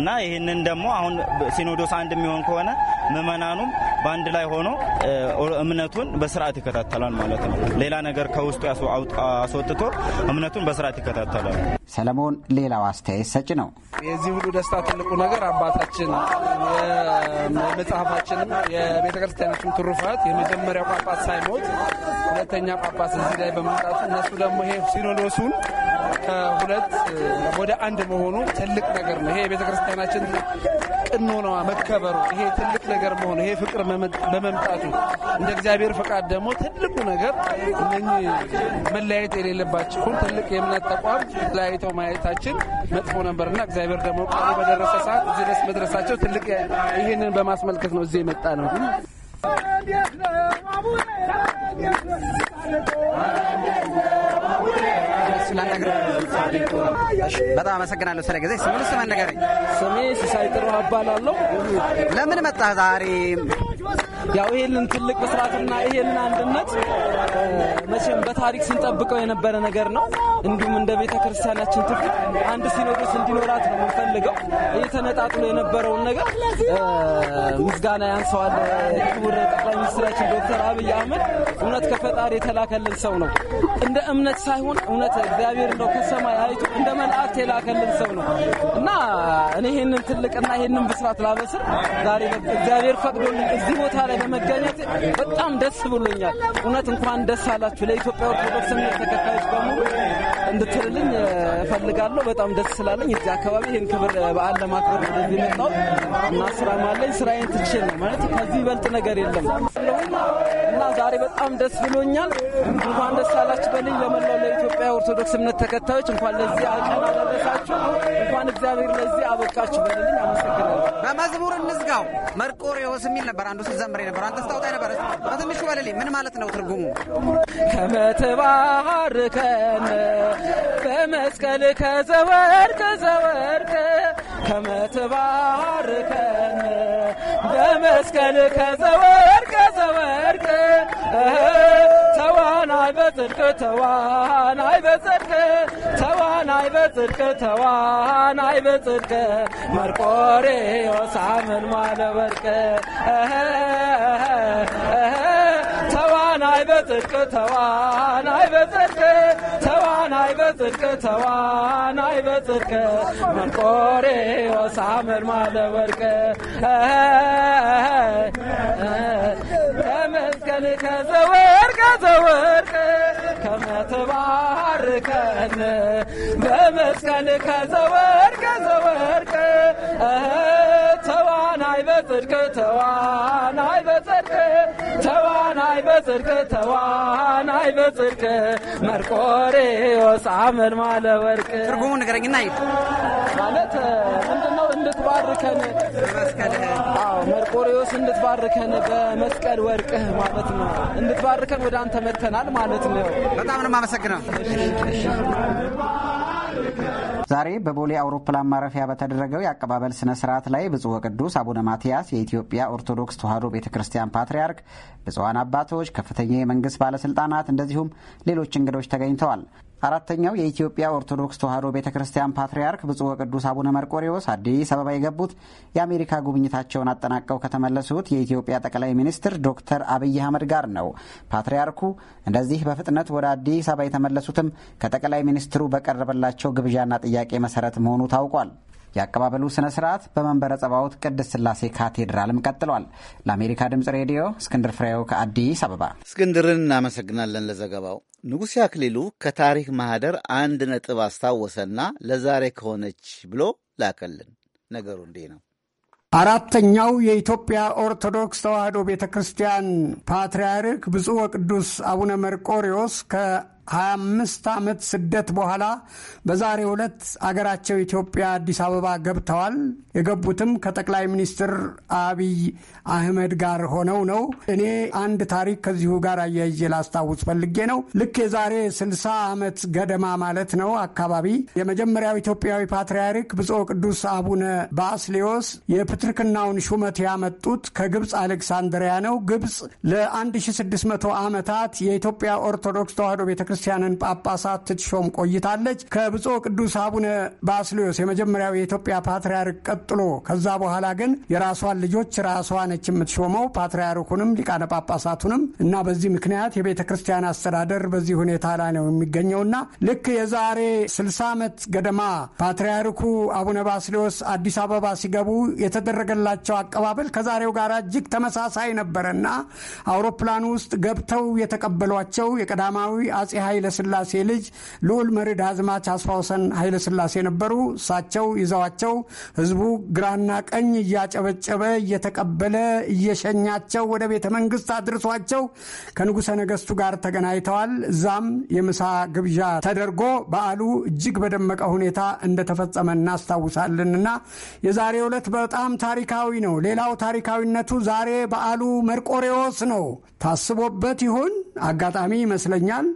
እና ይህንን ደግሞ አሁን ሲኖዶስ አንድ የሚሆን ከሆነ ምእመናኑም በአንድ ላይ ሆኖ እምነቱን በስርዓት ይከታተላል ማለት ነው። ሌላ ነገር ከውስጡ አስወጥቶ እምነቱን በስርዓት ይከታተላል። ሰለሞን ሌላው አስተያየት ሰጭ ነው። የዚህ ሁሉ ደስታ ትልቁ ነገር አባ የጳጳሳችን መጽሐፋችን የቤተ ክርስቲያናችን ትሩፋት የመጀመሪያው ጳጳስ ሳይሞት ሁለተኛ ጳጳስ እዚህ ላይ በመምጣቱ እነሱ ደግሞ ይሄ ሲኖዶሱን ከሁለት ወደ አንድ መሆኑ ትልቅ ነገር ነው። ይሄ የቤተ ክርስቲያናችን ቅኖናዋ መከበሩ ይሄ ትልቅ ነገር መሆኑ ይሄ ፍቅር በመምጣቱ እንደ እግዚአብሔር ፈቃድ ደግሞ ትልቁ ነገር እነኚህ መለያየት የሌለባቸውን ትልቅ የእምነት ተቋም ለያይተው ማየታችን መጥፎ ነበርና እግዚአብሔር ደግሞ ቃሉ በደረሰ ሰዓት እዚህ ደስ መድረሳቸው ትልቅ ይህንን በማስመልከት ነው እዚህ የመጣ ነው። በጣም አመሰግናለሁ ስለ ጊዜ። ስምን ስመን ነገር ስሜ ሲሳይ ጥሩ እባላለሁ። ለምን መጣ ዛሬ? ያው ይሄንን ትልቅ መስራትና ይሄንን አንድነት መቼም በታሪክ ስንጠብቀው የነበረ ነገር ነው። እንዲሁም እንደ ቤተ ክርስቲያናችን አንድ ሲኖዶስ እንዲኖራት ነው የምንፈልገው። እየተነጣጥሎ የነበረውን ነገር ምስጋና ያንሰዋል ክቡር ጠቅላይ ሚኒስትራችን ዶክተር አብይ አህመድ እውነት ከፈጣሪ የተላከልን ሰው ነው። እንደ እምነት ሳይሆን እውነት እግዚአብሔር እንደው ከሰማይ አይቶ እንደ መልአክት የላከልን ሰው ነው እና እኔ ይህንን ትልቅና ይህንን ብስራት ላበስር ዛሬ እግዚአብሔር ፈቅዶልን እዚህ ቦታ ላይ በመገኘት በጣም ደስ ብሎኛል። እውነት እንኳን ደስ አላችሁ ለኢትዮጵያ ኦርቶዶክስ እምነት ተከታዮች በሙሉ እንድትልልኝ እፈልጋለሁ። በጣም ደስ ስላለኝ እዚህ አካባቢ ይህን ክብር በዓል ለማክበር ወደዚህ መጣው እና ስራም አለኝ። ስራዬን ትቼ ነው ማለት ከዚህ ይበልጥ ነገር የለም እና ዛሬ በጣም ደስ ብሎኛል። እንኳን ደስ አላችሁ በልኝ። ለመላው ለኢትዮጵያ ኦርቶዶክስ እምነት ተከታዮች እንኳን ለዚህ አቀን አደረሳችሁ። እንኳን እግዚአብሔር ለዚህ አበቃችሁ በልልኝ። አመሰግናለሁ። በመዝሙር እንዝጋው መርቆሬዎስ የሚል ነበር አንዱ ስትዘምር ነበር። አንተ ስታወጣ ነበር። በትንሹ በልልኝ ምን ማለት ነው ትርጉሙ? ከመተባርከነ በመስቀል ከዘወርክ ዘወርክ ከመተባርከነ በመስቀል ከዘወርክ ዘወርክ ተዋናይ በጽድቅ ተዋናይ በጽድቅ ተዋናይ በጽድቅ ተዋናይ በጽድቅ መርቆሬዎስ አመልሟለ ወርቅ ተዋናይ በጽድቅ ተዋናይ በጽድቅ ተዋናይ በጽድቅ ተዋናይ በጽድቅ መርቆሬዎስ አመልሟለ ወርቅ ባርከን ከዘወርቀ ዘወርቀ ከመትባርከን በመስቀል ከዘወርቀ ተዋናይ በጽድቅ ተዋናይ በጽድቅ ተዋናይ በጽድቅ ተዋናይ በጽድቅ መርቆሬዎስ አመን ትርጉሙ ንገረኝና ይ ማለት ምንድነ እንድትባርከን መርቆሪዎስ እንድትባርከን በመስቀል ወርቅህ ማለት ነው እንድትባርከን ወደ አንተ መጥተናል ማለት ነው። በጣም ነው የማመሰግነው። ዛሬ በቦሌ አውሮፕላን ማረፊያ በተደረገው የአቀባበል ስነ ስርዓት ላይ ብፁዕ ወቅዱስ አቡነ ማትያስ የኢትዮጵያ ኦርቶዶክስ ተዋሕዶ ቤተ ክርስቲያን ፓትርያርክ፣ ብፁዓን አባቶች፣ ከፍተኛ የመንግስት ባለስልጣናት እንደዚሁም ሌሎች እንግዶች ተገኝተዋል። አራተኛው የኢትዮጵያ ኦርቶዶክስ ተዋሕዶ ቤተ ክርስቲያን ፓትርያርክ ብፁዕ ወቅዱስ አቡነ መርቆሪዎስ አዲስ አበባ የገቡት የአሜሪካ ጉብኝታቸውን አጠናቀው ከተመለሱት የኢትዮጵያ ጠቅላይ ሚኒስትር ዶክተር አብይ አህመድ ጋር ነው። ፓትርያርኩ እንደዚህ በፍጥነት ወደ አዲስ አበባ የተመለሱትም ከጠቅላይ ሚኒስትሩ በቀረበላቸው ግብዣና ጥያቄ መሰረት መሆኑ ታውቋል። የአቀባበሉ ስነ ስርዓት በመንበረ ጸባዖት ቅድስት ስላሴ ካቴድራልም ቀጥሏል። ለአሜሪካ ድምፅ ሬዲዮ እስክንድር ፍሬው ከአዲስ አበባ። እስክንድርን እናመሰግናለን ለዘገባው። ንጉሴ አክሊሉ ከታሪክ ማህደር አንድ ነጥብ አስታወሰና ለዛሬ ከሆነች ብሎ ላከልን። ነገሩ እንዲህ ነው። አራተኛው የኢትዮጵያ ኦርቶዶክስ ተዋሕዶ ቤተ ክርስቲያን ፓትርያርክ ብፁዕ ወቅዱስ አቡነ መርቆሪዎስ ከ ከ25 ዓመት ስደት በኋላ በዛሬው ዕለት አገራቸው ኢትዮጵያ አዲስ አበባ ገብተዋል። የገቡትም ከጠቅላይ ሚኒስትር አብይ አህመድ ጋር ሆነው ነው። እኔ አንድ ታሪክ ከዚሁ ጋር አያይዤ ላስታውስ ፈልጌ ነው። ልክ የዛሬ 60 ዓመት ገደማ ማለት ነው አካባቢ የመጀመሪያው ኢትዮጵያዊ ፓትርያርክ ብፁዕ ቅዱስ አቡነ ባስሌዎስ የፕትርክናውን ሹመት ያመጡት ከግብፅ አሌክሳንድሪያ ነው። ግብፅ ለ1600 ዓመታት የኢትዮጵያ ኦርቶዶክስ ተዋሕዶ ቤተክርስቲያን ክርስቲያንን ጳጳሳት ትትሾም ቆይታለች። ከብፁዕ ቅዱስ አቡነ ባስልዮስ የመጀመሪያው የኢትዮጵያ ፓትርያርክ ቀጥሎ ከዛ በኋላ ግን የራሷን ልጆች ራሷ ነች የምትሾመው ፓትርያርኩንም ሊቃነ ጳጳሳቱንም እና በዚህ ምክንያት የቤተ ክርስቲያን አስተዳደር በዚህ ሁኔታ ላይ ነው የሚገኘውና ልክ የዛሬ 60 ዓመት ገደማ ፓትርያርኩ አቡነ ባስልዮስ አዲስ አበባ ሲገቡ የተደረገላቸው አቀባበል ከዛሬው ጋር እጅግ ተመሳሳይ ነበረና አውሮፕላን ውስጥ ገብተው የተቀበሏቸው የቀዳማዊ አጼ ስላሴ ልጅ ልዑል መሬድ አዝማች አስፋውሰን ኃይለ ስላሴ ነበሩ። እሳቸው ይዘዋቸው ህዝቡ ግራና ቀኝ እያጨበጨበ እየተቀበለ እየሸኛቸው ወደ ቤተ መንግስት አድርሷቸው ከንጉሠ ነገሥቱ ጋር ተገናኝተዋል። እዛም የምሳ ግብዣ ተደርጎ በዓሉ እጅግ በደመቀ ሁኔታ እንደተፈጸመ እናስታውሳለንና የዛሬ ዕለት በጣም ታሪካዊ ነው። ሌላው ታሪካዊነቱ ዛሬ በዓሉ መርቆሬዎስ ነው። ታስቦበት ይሆን? አጋጣሚ ይመስለኛል።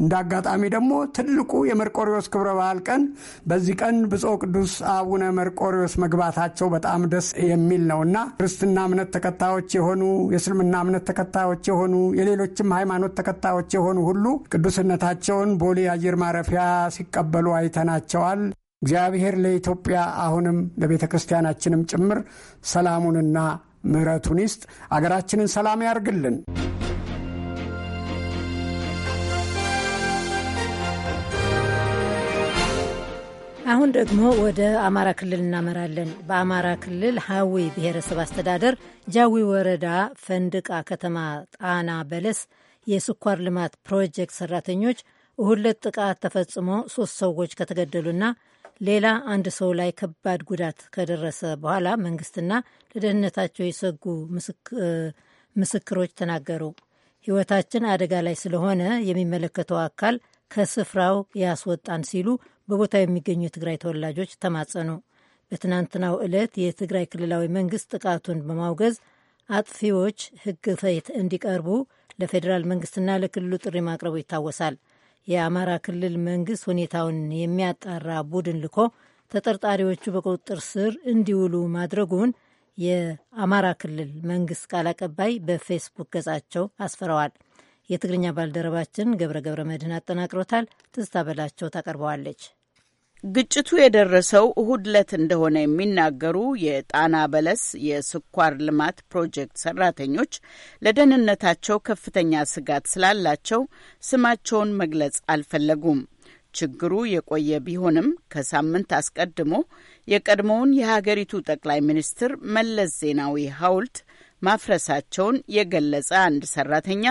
እንደ አጋጣሚ ደግሞ ትልቁ የመርቆሪዎስ ክብረ በዓል ቀን በዚህ ቀን ብፁዕ ቅዱስ አቡነ መርቆሪዎስ መግባታቸው በጣም ደስ የሚል ነው እና ክርስትና እምነት ተከታዮች የሆኑ የእስልምና እምነት ተከታዮች የሆኑ የሌሎችም ሃይማኖት ተከታዮች የሆኑ ሁሉ ቅዱስነታቸውን ቦሌ አየር ማረፊያ ሲቀበሉ አይተናቸዋል። እግዚአብሔር ለኢትዮጵያ አሁንም ለቤተ ክርስቲያናችንም ጭምር ሰላሙንና ምሕረቱን ይስጥ። አገራችንን ሰላም ያርግልን። አሁን ደግሞ ወደ አማራ ክልል እናመራለን። በአማራ ክልል ሀዊ ብሔረሰብ አስተዳደር ጃዊ ወረዳ ፈንድቃ ከተማ ጣና በለስ የስኳር ልማት ፕሮጀክት ሰራተኞች ሁለት ጥቃት ተፈጽሞ ሶስት ሰዎች ከተገደሉና ሌላ አንድ ሰው ላይ ከባድ ጉዳት ከደረሰ በኋላ መንግስትና ለደህንነታቸው የሰጉ ምስክሮች ተናገሩ። ሕይወታችን አደጋ ላይ ስለሆነ የሚመለከተው አካል ከስፍራው ያስወጣን ሲሉ በቦታ የሚገኙ የትግራይ ተወላጆች ተማጸኑ። በትናንትናው ዕለት የትግራይ ክልላዊ መንግስት ጥቃቱን በማውገዝ አጥፊዎች ህግ ፊት እንዲቀርቡ ለፌዴራል መንግስትና ለክልሉ ጥሪ ማቅረቡ ይታወሳል። የአማራ ክልል መንግስት ሁኔታውን የሚያጣራ ቡድን ልኮ ተጠርጣሪዎቹ በቁጥጥር ስር እንዲውሉ ማድረጉን የአማራ ክልል መንግስት ቃል አቀባይ በፌስቡክ ገጻቸው አስፍረዋል። የትግርኛ ባልደረባችን ገብረ ገብረ መድህን አጠናቅሮታል። ትዝታ በላቸው ታቀርበዋለች። ግጭቱ የደረሰው እሁድ ዕለት እንደሆነ የሚናገሩ የጣና በለስ የስኳር ልማት ፕሮጀክት ሰራተኞች ለደህንነታቸው ከፍተኛ ስጋት ስላላቸው ስማቸውን መግለጽ አልፈለጉም። ችግሩ የቆየ ቢሆንም ከሳምንት አስቀድሞ የቀድሞውን የሀገሪቱ ጠቅላይ ሚኒስትር መለስ ዜናዊ ሐውልት ማፍረሳቸውን የገለጸ አንድ ሰራተኛ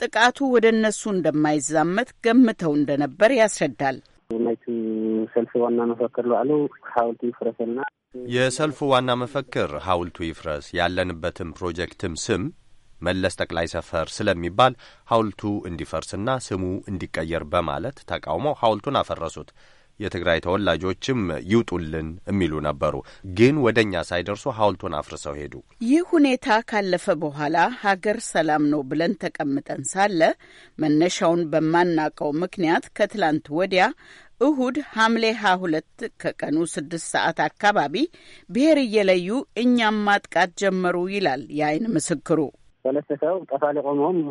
ጥቃቱ ወደ እነሱ እንደማይዛመት ገምተው እንደነበር ያስረዳል። የሰልፉ ዋና መፈክር ሀውልቱ ይፍረስ፣ ያለንበትም ፕሮጀክትም ስም መለስ ጠቅላይ ሰፈር ስለሚባል ሀውልቱ እንዲፈርስና ስሙ እንዲቀየር በማለት ተቃውሞ ሀውልቱን አፈረሱት። የትግራይ ተወላጆችም ይውጡልን የሚሉ ነበሩ። ግን ወደ እኛ ሳይደርሱ ሐውልቱን አፍርሰው ሄዱ። ይህ ሁኔታ ካለፈ በኋላ ሀገር ሰላም ነው ብለን ተቀምጠን ሳለ መነሻውን በማናቀው ምክንያት ከትላንት ወዲያ እሁድ ሐምሌ 22 ከቀኑ 6 ሰዓት አካባቢ ብሔር እየለዩ እኛም ማጥቃት ጀመሩ ይላል የአይን ምስክሩ። ሰለስተ ሰብ ብጣዕሚ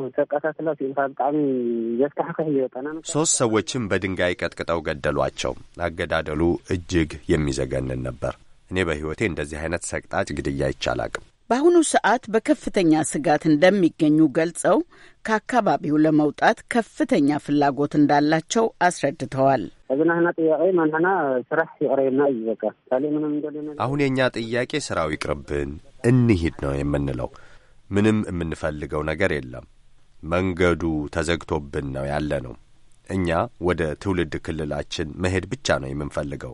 ሶስት ሰዎችም በድንጋይ ቀጥቅጠው ገደሏቸው። አገዳደሉ እጅግ የሚዘገንን ነበር። እኔ በሕይወቴ እንደዚህ አይነት ሰቅጣጭ ግድያ አይቻላቅም። በአሁኑ ሰዓት በከፍተኛ ስጋት እንደሚገኙ ገልጸው ከአካባቢው ለመውጣት ከፍተኛ ፍላጎት እንዳላቸው አስረድተዋል። አሁን የእኛ ጥያቄ ስራው ይቅርብን እንሂድ ነው የምንለው። ምንም የምንፈልገው ነገር የለም። መንገዱ ተዘግቶብን ነው ያለ ነው። እኛ ወደ ትውልድ ክልላችን መሄድ ብቻ ነው የምንፈልገው።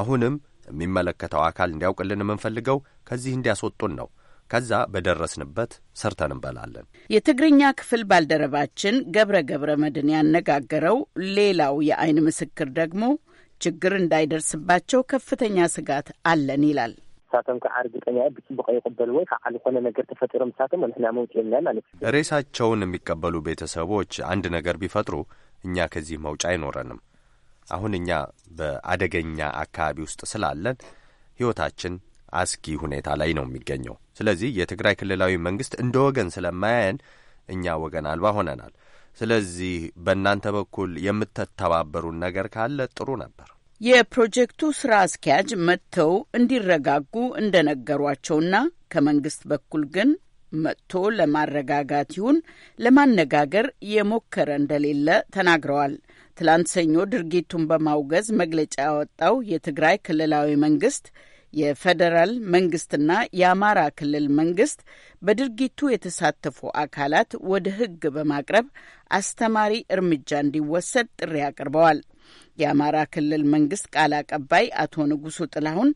አሁንም የሚመለከተው አካል እንዲያውቅልን የምንፈልገው ከዚህ እንዲያስወጡን ነው። ከዛ በደረስንበት ሰርተን እንበላለን። የትግርኛ ክፍል ባልደረባችን ገብረ ገብረ መድን ያነጋገረው ሌላው የአይን ምስክር ደግሞ ችግር እንዳይደርስባቸው ከፍተኛ ስጋት አለን ይላል። ንሳቶም ከዓ እርግጠኛ ብፅቡቅ ይቅበሉ ወይ ከዓ ዝኾነ ነገር ተፈጢሮም ንሳቶም ንሕና መውፅኤና ማለት እዩ። ሬሳቸውን የሚቀበሉ ቤተሰቦች አንድ ነገር ቢፈጥሩ እኛ ከዚህ መውጫ አይኖረንም። አሁን እኛ በአደገኛ አካባቢ ውስጥ ስላለን ህይወታችን አስጊ ሁኔታ ላይ ነው የሚገኘው። ስለዚህ የትግራይ ክልላዊ መንግስት እንደ ወገን ስለማያየን እኛ ወገን አልባ ሆነናል። ስለዚህ በእናንተ በኩል የምትተባበሩን ነገር ካለ ጥሩ ነበር። የፕሮጀክቱ ስራ አስኪያጅ መጥተው እንዲረጋጉ እንደነገሯቸውና ከመንግስት በኩል ግን መጥቶ ለማረጋጋት ይሁን ለማነጋገር የሞከረ እንደሌለ ተናግረዋል። ትላንት ሰኞ ድርጊቱን በማውገዝ መግለጫ ያወጣው የትግራይ ክልላዊ መንግስት የፌዴራል መንግስትና የአማራ ክልል መንግስት በድርጊቱ የተሳተፉ አካላት ወደ ሕግ በማቅረብ አስተማሪ እርምጃ እንዲወሰድ ጥሪ አቅርበዋል። የአማራ ክልል መንግስት ቃል አቀባይ አቶ ንጉሱ ጥላሁን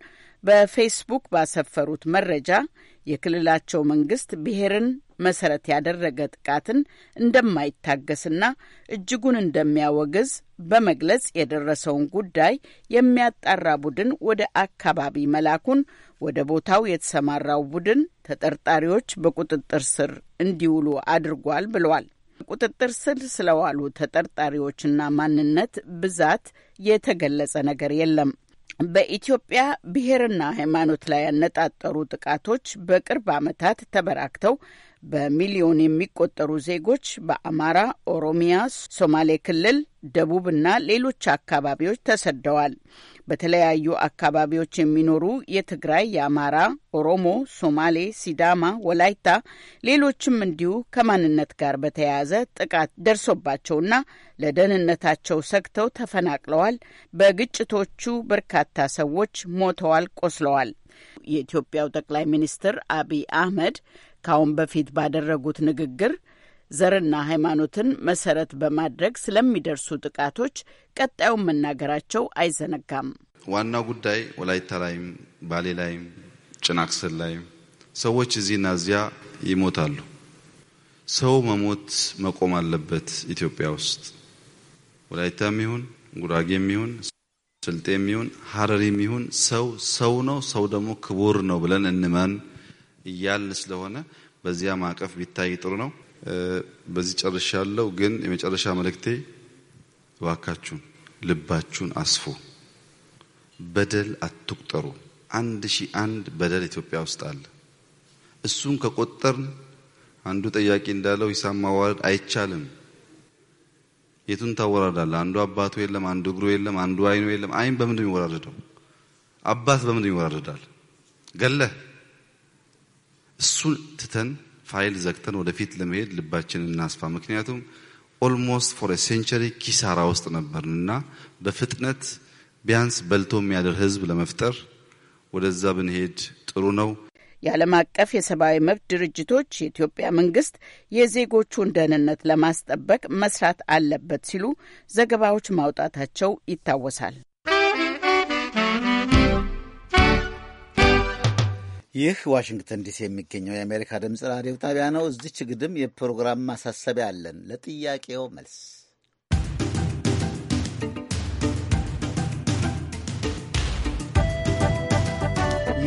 በፌስቡክ ባሰፈሩት መረጃ የክልላቸው መንግስት ብሔርን መሰረት ያደረገ ጥቃትን እንደማይታገስና እጅጉን እንደሚያወግዝ በመግለጽ የደረሰውን ጉዳይ የሚያጣራ ቡድን ወደ አካባቢ መላኩን፣ ወደ ቦታው የተሰማራው ቡድን ተጠርጣሪዎች በቁጥጥር ስር እንዲውሉ አድርጓል ብሏል። ቁጥጥር ስር ስለዋሉ ተጠርጣሪዎችና ማንነት ብዛት የተገለጸ ነገር የለም። በኢትዮጵያ ብሔርና ሃይማኖት ላይ ያነጣጠሩ ጥቃቶች በቅርብ ዓመታት ተበራክተው በሚሊዮን የሚቆጠሩ ዜጎች በአማራ፣ ኦሮሚያ፣ ሶማሌ ክልል፣ ደቡብና ሌሎች አካባቢዎች ተሰደዋል። በተለያዩ አካባቢዎች የሚኖሩ የትግራይ፣ የአማራ፣ ኦሮሞ፣ ሶማሌ፣ ሲዳማ፣ ወላይታ ሌሎችም እንዲሁ ከማንነት ጋር በተያያዘ ጥቃት ደርሶባቸውና ለደህንነታቸው ሰግተው ተፈናቅለዋል። በግጭቶቹ በርካታ ሰዎች ሞተዋል፣ ቆስለዋል። የኢትዮጵያው ጠቅላይ ሚኒስትር አቢይ አህመድ ከአሁን በፊት ባደረጉት ንግግር ዘርና ሃይማኖትን መሰረት በማድረግ ስለሚደርሱ ጥቃቶች ቀጣዩን መናገራቸው አይዘነጋም። ዋናው ጉዳይ ወላይታ ላይም፣ ባሌ ላይም፣ ጭናክስል ላይም ሰዎች እዚህና እዚያ ይሞታሉ። ሰው መሞት መቆም አለበት። ኢትዮጵያ ውስጥ ወላይታም ይሁን ጉራጌም ይሁን ስልጤም ይሁን ሀረሪም ይሁን ሰው ሰው ነው። ሰው ደግሞ ክቡር ነው ብለን እንመን እያልን ስለሆነ በዚያ ማዕቀፍ ቢታይ ጥሩ ነው። በዚህ ጨርሻ ያለው ግን የመጨረሻ መልእክቴ እባካችሁን ልባችሁን አስፉ፣ በደል አትቁጠሩ። አንድ ሺህ አንድ በደል ኢትዮጵያ ውስጥ አለ። እሱን ከቆጠርን አንዱ ጠያቂ እንዳለው ሂሳብ ማዋረድ አይቻልም። የቱን ታወራዳለ አንዱ አባቱ የለም፣ አንዱ እግሩ የለም፣ አንዱ አይኑ የለም። አይን በምንድ ይወራረደው? አባት በምንድን ይወራረዳል? ገለህ እሱን ትተን ፋይል ዘግተን ወደፊት ለመሄድ ልባችን እናስፋ። ምክንያቱም ኦልሞስት ፎር ሴንቸሪ ኪሳራ ውስጥ ነበርንና በፍጥነት ቢያንስ በልቶ የሚያደር ህዝብ ለመፍጠር ወደዛ ብንሄድ ጥሩ ነው። የዓለም አቀፍ የሰብአዊ መብት ድርጅቶች የኢትዮጵያ መንግስት የዜጎቹን ደህንነት ለማስጠበቅ መስራት አለበት ሲሉ ዘገባዎች ማውጣታቸው ይታወሳል። ይህ ዋሽንግተን ዲሲ የሚገኘው የአሜሪካ ድምፅ ራዲዮ ጣቢያ ነው። እዚች ግድም የፕሮግራም ማሳሰቢያ አለን። ለጥያቄው መልስ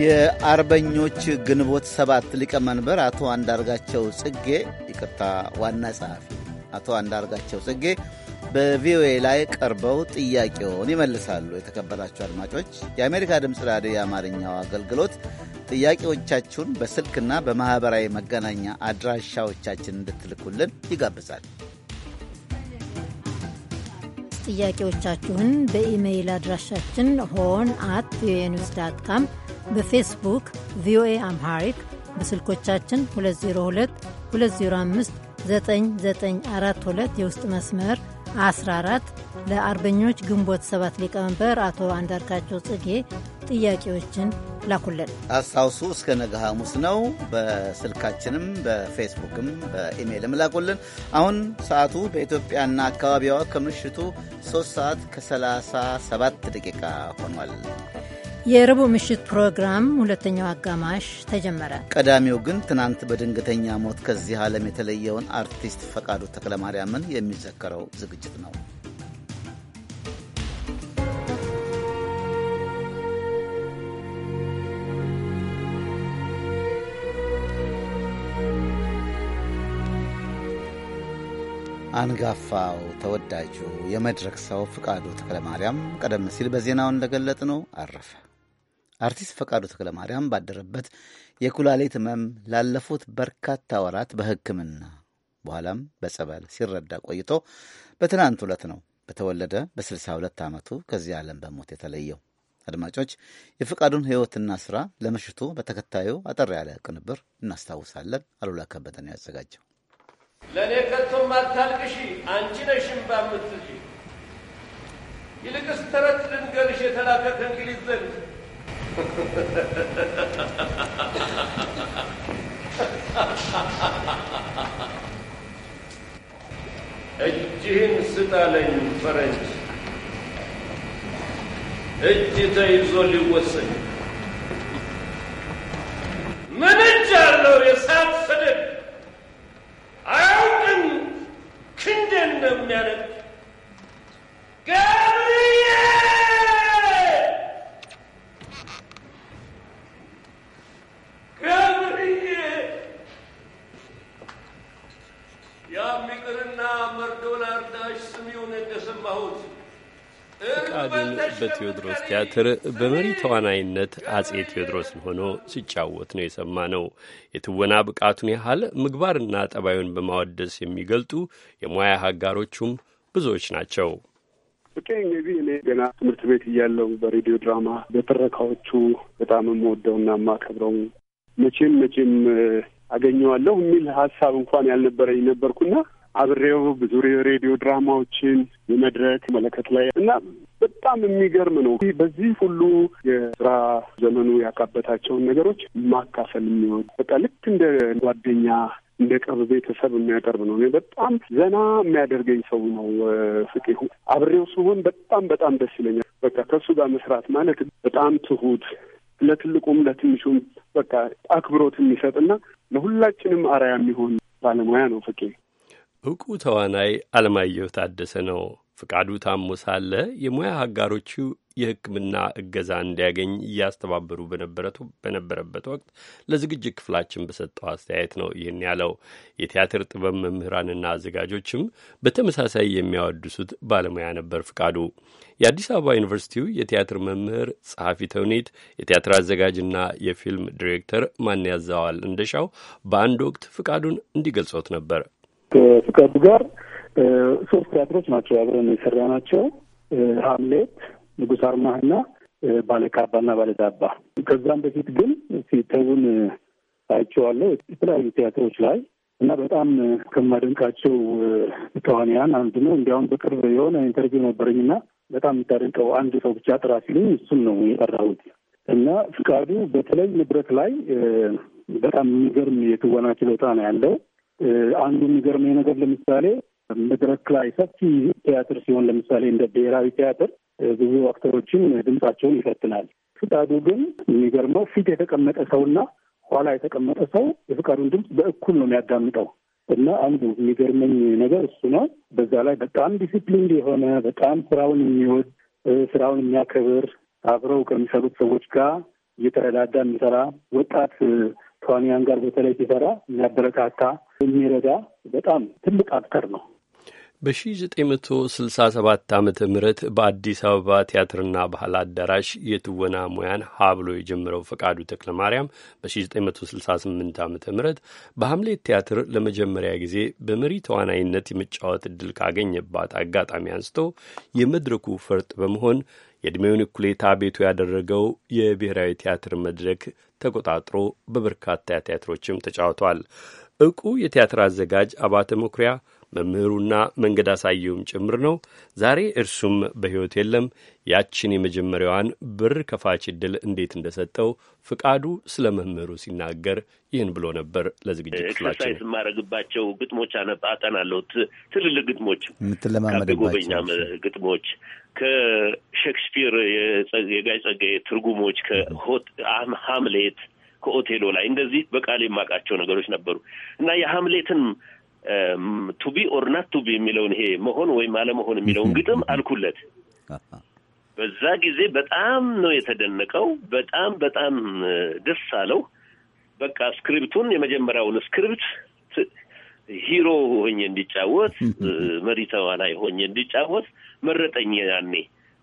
የአርበኞች ግንቦት ሰባት ሊቀመንበር አቶ አንዳርጋቸው ጽጌ ይቅርታ፣ ዋና ጸሐፊ አቶ አንዳርጋቸው ጽጌ በቪኦኤ ላይ ቀርበው ጥያቄውን ይመልሳሉ። የተከበራችሁ አድማጮች፣ የአሜሪካ ድምፅ ራዲዮ የአማርኛው አገልግሎት ጥያቄዎቻችሁን በስልክና በማኅበራዊ መገናኛ አድራሻዎቻችን እንድትልኩልን ይጋብዛል። ጥያቄዎቻችሁን በኢሜይል አድራሻችን ሆን አት ቪኦኤ ኒውስ ዳት ካም፣ በፌስቡክ ቪኦኤ አምሃሪክ፣ በስልኮቻችን 202 205 9942 የውስጥ መስመር 14 ለአርበኞች ግንቦት ሰባት ሊቀመንበር አቶ አንዳርጋቸው ጽጌ ጥያቄዎችን ላኩልን። አስታውሱ እስከ ነገ ሐሙስ ነው። በስልካችንም በፌስቡክም በኢሜይልም ላኩልን። አሁን ሰዓቱ በኢትዮጵያና አካባቢዋ ከምሽቱ 3 ሰዓት ከ37 ደቂቃ ሆኗል። የረቡዕ ምሽት ፕሮግራም ሁለተኛው አጋማሽ ተጀመረ። ቀዳሚው ግን ትናንት በድንገተኛ ሞት ከዚህ ዓለም የተለየውን አርቲስት ፈቃዱ ተክለማርያምን የሚዘከረው ዝግጅት ነው። አንጋፋው ተወዳጁ የመድረክ ሰው ፍቃዱ ተክለማርያም ቀደም ሲል በዜናው እንደገለጥ ነው አረፈ። አርቲስት ፈቃዱ ተክለ ማርያም ባደረበት የኩላሊት ህመም ላለፉት በርካታ ወራት በሕክምና በኋላም በጸበል ሲረዳ ቆይቶ በትናንት ዕለት ነው በተወለደ በ62 ዓመቱ ከዚህ ዓለም በሞት የተለየው። አድማጮች የፈቃዱን ሕይወትና ስራ ለምሽቱ በተከታዩ አጠር ያለ ቅንብር እናስታውሳለን። አሉላ ከበደ ነው ያዘጋጀው። ለእኔ ከቶም አታልቅሺ አንቺ ነሽ እምባ ይልቅስ ተረት ልንገርሽ የተላከ ከእንግሊዝ ዘንድ እጅህን ስጣለኝ ፈረንጅ እጅ ተይዞ ሊወሰኝ ምን እጅ አለው የሳት ሰደድ አያውቅም ክንዴ እንደሚያነቅ ገብርዬ ገብርዬ ያም ይቅርና መርዶን አርዳሽ ስሚውን እንደሰማሁት በቴዎድሮስ ቲያትር በመሪ ተዋናይነት አጼ ቴዎድሮስን ሆኖ ሲጫወት ነው የሰማ ነው። የትወና ብቃቱን ያህል ምግባርና ጠባዩን በማወደስ የሚገልጡ የሙያ አጋሮቹም ብዙዎች ናቸው። ፍቄ እንግዲህ እኔ ገና ትምህርት ቤት እያለው በሬዲዮ ድራማ በትረካዎቹ በጣም የምወደውና የማከብረው መቼም መቼም አገኘዋለሁ የሚል ሀሳብ እንኳን ያልነበረኝ ነበርኩና አብሬው ብዙ ሬዲዮ ድራማዎችን የመድረክ መለከት ላይ እና በጣም የሚገርም ነው። በዚህ ሁሉ የስራ ዘመኑ ያካበታቸውን ነገሮች ማካፈል የሚወድ በቃ ልክ እንደ ጓደኛ እንደ ቅርብ ቤተሰብ የሚያቀርብ ነው። በጣም ዘና የሚያደርገኝ ሰው ነው ፍቄሁ። አብሬው ሲሆን በጣም በጣም ደስ ይለኛል። በቃ ከእሱ ጋር መስራት ማለት በጣም ትሁት ለትልቁም ለትንሹም በቃ አክብሮት የሚሰጥ ና ለሁላችንም አርአያ የሚሆን ባለሙያ ነው ፍቄ። እውቁ ተዋናይ አለማየሁ ታደሰ ነው ፍቃዱ ታሞ ሳለ የሙያ አጋሮቹ የሕክምና እገዛ እንዲያገኝ እያስተባበሩ በነበረበት ወቅት ለዝግጅት ክፍላችን በሰጠው አስተያየት ነው ይህን ያለው። የቲያትር ጥበብ መምህራንና አዘጋጆችም በተመሳሳይ የሚያወድሱት ባለሙያ ነበር ፍቃዱ። የአዲስ አበባ ዩኒቨርሲቲው የቲያትር መምህር፣ ጸሐፊ ተውኔት፣ የቲያትር አዘጋጅና የፊልም ዲሬክተር ማን ያዘዋል እንደሻው በአንድ ወቅት ፍቃዱን እንዲገልጾት ነበር ከፍቃዱ ጋር ሶስት ቲያትሮች ናቸው አብረን የሰራ ናቸው። ሀምሌት፣ ንጉሥ አርማህና ባለካባና ባለዳባ። ከዛም በፊት ግን ሲተውን አይቼዋለሁ የተለያዩ ቲያትሮች ላይ እና በጣም ከማደንቃቸው ተዋንያን አንዱ ነው። እንዲያውም በቅርብ የሆነ ኢንተርቪው ነበረኝ እና በጣም የምታደንቀው አንድ ሰው ብቻ ጥራ ሲሉኝ እሱን ነው የጠራሁት እና ፍቃዱ በተለይ ንብረት ላይ በጣም የሚገርም የትወና ችሎታ ነው ያለው። አንዱ የሚገርመኝ ነገር ለምሳሌ መድረክ ላይ ሰፊ ቲያትር ሲሆን ለምሳሌ እንደ ብሔራዊ ቲያትር ብዙ አክተሮችን ድምጻቸውን ይፈትናል። ፍቃዱ ግን የሚገርመው ፊት የተቀመጠ ሰውና ኋላ የተቀመጠ ሰው የፍቃዱን ድምፅ በእኩል ነው የሚያዳምጠው እና አንዱ የሚገርመኝ ነገር እሱ ነው። በዛ ላይ በጣም ዲሲፕሊን የሆነ በጣም ስራውን የሚወድ ስራውን የሚያከብር አብረው ከሚሰሩት ሰዎች ጋር እየተረዳዳ የሚሰራ ወጣት ተዋንያን ጋር በተለይ ሲሰራ የሚያበረታታ የሚረዳ በጣም ትልቅ አክተር ነው። በ1967 ዓ ም በአዲስ አበባ ቲያትርና ባህል አዳራሽ የትወና ሙያን ሀ ብሎ የጀመረው ፈቃዱ ተክለ ማርያም በ1968 ዓ ም በሐምሌት ቲያትር ለመጀመሪያ ጊዜ በመሪ ተዋናይነት የመጫወት ዕድል ካገኘባት አጋጣሚ አንስቶ የመድረኩ ፈርጥ በመሆን የዕድሜውን እኩሌታ ቤቱ ያደረገው የብሔራዊ ቲያትር መድረክ ተቆጣጥሮ በበርካታ ቲያትሮችም ተጫውቷል። እቁ የቲያትር አዘጋጅ አባተ መኩሪያ መምህሩና መንገድ አሳየውም ጭምር ነው። ዛሬ እርሱም በሕይወት የለም። ያችን የመጀመሪያዋን ብር ከፋች ዕድል እንዴት እንደሰጠው ፍቃዱ ስለ መምህሩ ሲናገር ይህን ብሎ ነበር። ለዝግጅት ኤክሰርሳይዝ የማደርግባቸው ግጥሞች አጠናለሁ። ትልልቅ ግጥሞች፣ ጎበኛ ግጥሞች ከሼክስፒር የጋይ ጸጋዬ ትርጉሞች ከሀምሌት ከኦቴሎ ላይ እንደዚህ በቃል የማውቃቸው ነገሮች ነበሩ እና የሀምሌትን ቱቢ ኦርናት ቱቢ የሚለውን ይሄ መሆን ወይም አለመሆን የሚለውን ግጥም አልኩለት። በዛ ጊዜ በጣም ነው የተደነቀው። በጣም በጣም ደስ አለው። በቃ ስክሪፕቱን የመጀመሪያውን ስክሪፕት ሂሮ ሆኜ እንዲጫወት መሪ ተዋናይ ሆኜ እንዲጫወት መረጠኝ። ያኔ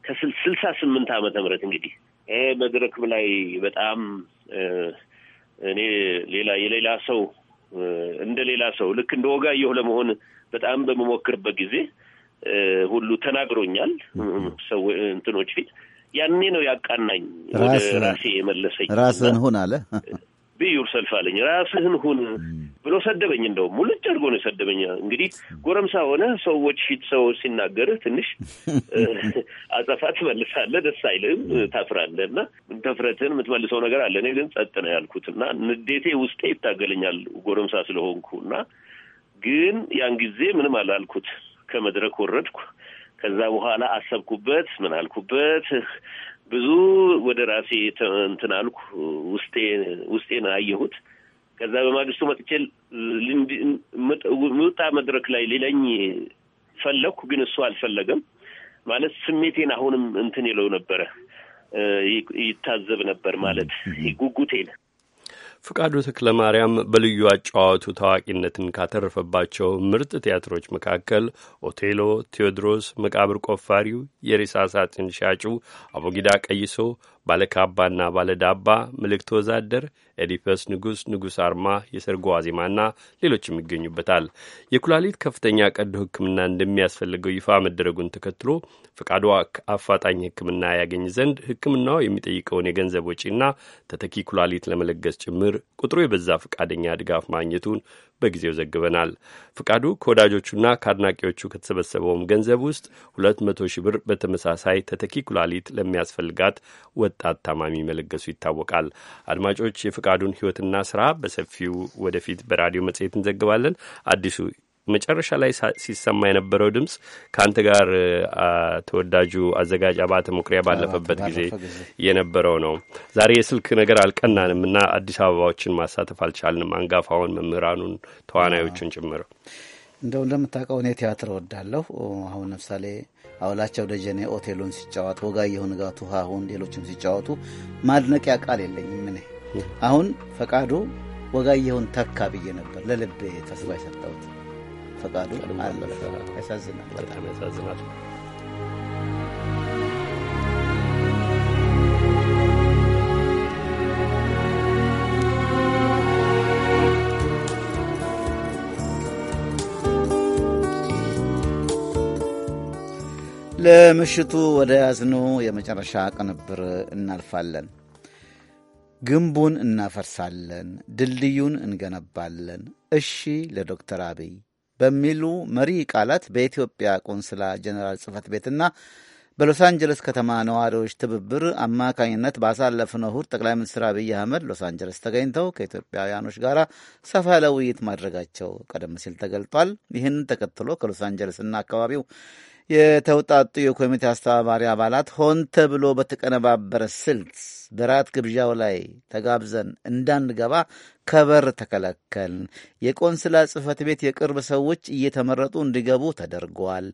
ከስልሳ ስምንት ዓመተ ምህረት እንግዲህ ይሄ መድረክም ላይ በጣም እኔ ሌላ የሌላ ሰው እንደ ሌላ ሰው ልክ እንደ ወጋየሁ ለመሆን በጣም በምሞክርበት ጊዜ ሁሉ ተናግሮኛል። ሰው እንትኖች ፊት ያኔ ነው ያቃናኝ፣ ወደ ራሴ የመለሰኝ። ራስህን ሁን አለ ብዩር ሰልፍ አለኝ። ራስህን ሁን ብሎ ሰደበኝ። እንደው ሙልጭ አድርጎ ነው የሰደበኝ። እንግዲህ ጎረምሳ ሆነ ሰዎች ፊት ሰው ሲናገርህ ትንሽ አጸፋ ትመልሳለህ፣ ደስ አይልህም፣ ታፍራለህ እና ተፍረትህን የምትመልሰው ነገር አለ። እኔ ግን ጸጥ ነው ያልኩት እና ንዴቴ ውስጤ ይታገለኛል ጎረምሳ ስለሆንኩ እና ግን ያን ጊዜ ምንም አላልኩት። ከመድረክ ወረድኩ። ከዛ በኋላ አሰብኩበት፣ ምን አልኩበት ብዙ ወደ ራሴ እንትን አልኩ። ውስጤ ውስጤን አየሁት። ከዛ በማግስቱ መጥቼ ምውጣ መድረክ ላይ ሌላኝ ፈለግኩ፣ ግን እሱ አልፈለገም። ማለት ስሜቴን አሁንም እንትን ይለው ነበረ፣ ይታዘብ ነበር ማለት ጉጉቴን። ፍቃዱ ተክለ ማርያም በልዩ አጫዋቱ ታዋቂነትን ካተረፈባቸው ምርጥ ቲያትሮች መካከል ኦቴሎ፣ ቴዎድሮስ፣ መቃብር ቆፋሪው፣ የሬሳ ሳጥን ሻጩ፣ አቦጊዳ ቀይሶ፣ ባለካባና ባለዳባ፣ ምልክት ወዛደር፣ ኤዲፐስ ንጉሥ፣ ንጉሥ አርማ፣ የሰርጎ ዋዜማና ሌሎችም ይገኙበታል። የኩላሊት ከፍተኛ ቀዶ ሕክምና እንደሚያስፈልገው ይፋ መደረጉን ተከትሎ ፈቃዱ አፋጣኝ ሕክምና ያገኝ ዘንድ ሕክምናው የሚጠይቀውን የገንዘብ ወጪና ተተኪ ኩላሊት ለመለገስ ጭምር ቁጥሩ የበዛ ፈቃደኛ ድጋፍ ማግኘቱን በጊዜው ዘግበናል። ፍቃዱ ከወዳጆቹና ከአድናቂዎቹ ከተሰበሰበውም ገንዘብ ውስጥ ሁለት መቶ ሺህ ብር በተመሳሳይ ተተኪ ኩላሊት ለሚያስፈልጋት ወጣት ታማሚ መለገሱ ይታወቃል። አድማጮች የፍቃዱን ህይወትና ስራ በሰፊው ወደፊት በራዲዮ መጽሔት እንዘግባለን። አዲሱ መጨረሻ ላይ ሲሰማ የነበረው ድምፅ ከአንተ ጋር ተወዳጁ አዘጋጅ አባተ መኩሪያ ባለፈበት ጊዜ የነበረው ነው። ዛሬ የስልክ ነገር አልቀናንም እና አዲስ አበባዎችን ማሳተፍ አልቻልንም፣ አንጋፋውን መምህራኑን፣ ተዋናዮቹን ጭምር። እንደው እንደምታውቀው እኔ ቲያትር ወዳለሁ። አሁን ለምሳሌ አውላቸው ደጀኔ ኦቴሎን ሲጫወት፣ ወጋየሁ ንጋቱ፣ ሀሁን ሌሎችም ሲጫወቱ ማድነቂያ ቃል የለኝም እኔ አሁን ፈቃዱ ወጋየሁን ተካ ብዬ ነበር ለልቤ ተስፋ የሰጠሁት። ፈቃዱ ያሳዝናል፣ በጣም ያሳዝናል። ለምሽቱ ወደ ያዝነው የመጨረሻ ቅንብር እናልፋለን። ግንቡን እናፈርሳለን፣ ድልድዩን እንገነባለን። እሺ ለዶክተር አብይ በሚሉ መሪ ቃላት በኢትዮጵያ ቆንስላ ጀኔራል ጽህፈት ቤትና በሎስ አንጀለስ ከተማ ነዋሪዎች ትብብር አማካኝነት ባሳለፍነው እሁድ ጠቅላይ ሚኒስትር አብይ አህመድ ሎስ አንጀለስ ተገኝተው ከኢትዮጵያውያኖች ጋር ሰፋ ያለ ውይይት ማድረጋቸው ቀደም ሲል ተገልጧል። ይህንን ተከትሎ ከሎስ አንጀለስና አካባቢው የተውጣጡ የኮሚቴ አስተባባሪ አባላት ሆን ተብሎ በተቀነባበረ ስልት በራት ግብዣው ላይ ተጋብዘን እንዳንገባ ከበር ተከለከልን። የቆንስላ ጽህፈት ቤት የቅርብ ሰዎች እየተመረጡ እንዲገቡ ተደርጓል።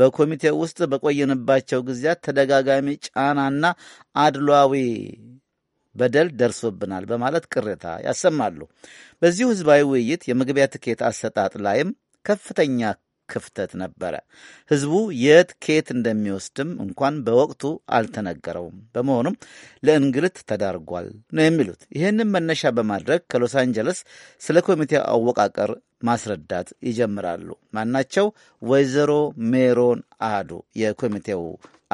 በኮሚቴው ውስጥ በቆየንባቸው ጊዜያት ተደጋጋሚ ጫናና አድሏዊ በደል ደርሶብናል በማለት ቅሬታ ያሰማሉ። በዚሁ ህዝባዊ ውይይት የመግቢያ ትኬት አሰጣጥ ላይም ከፍተኛ ክፍተት ነበረ። ህዝቡ የት ከየት እንደሚወስድም እንኳን በወቅቱ አልተነገረውም። በመሆኑም ለእንግልት ተዳርጓል ነው የሚሉት። ይህንን መነሻ በማድረግ ከሎስ አንጀለስ ስለ ኮሚቴው አወቃቀር ማስረዳት ይጀምራሉ። ማናቸው? ወይዘሮ ሜሮን አህዱ የኮሚቴው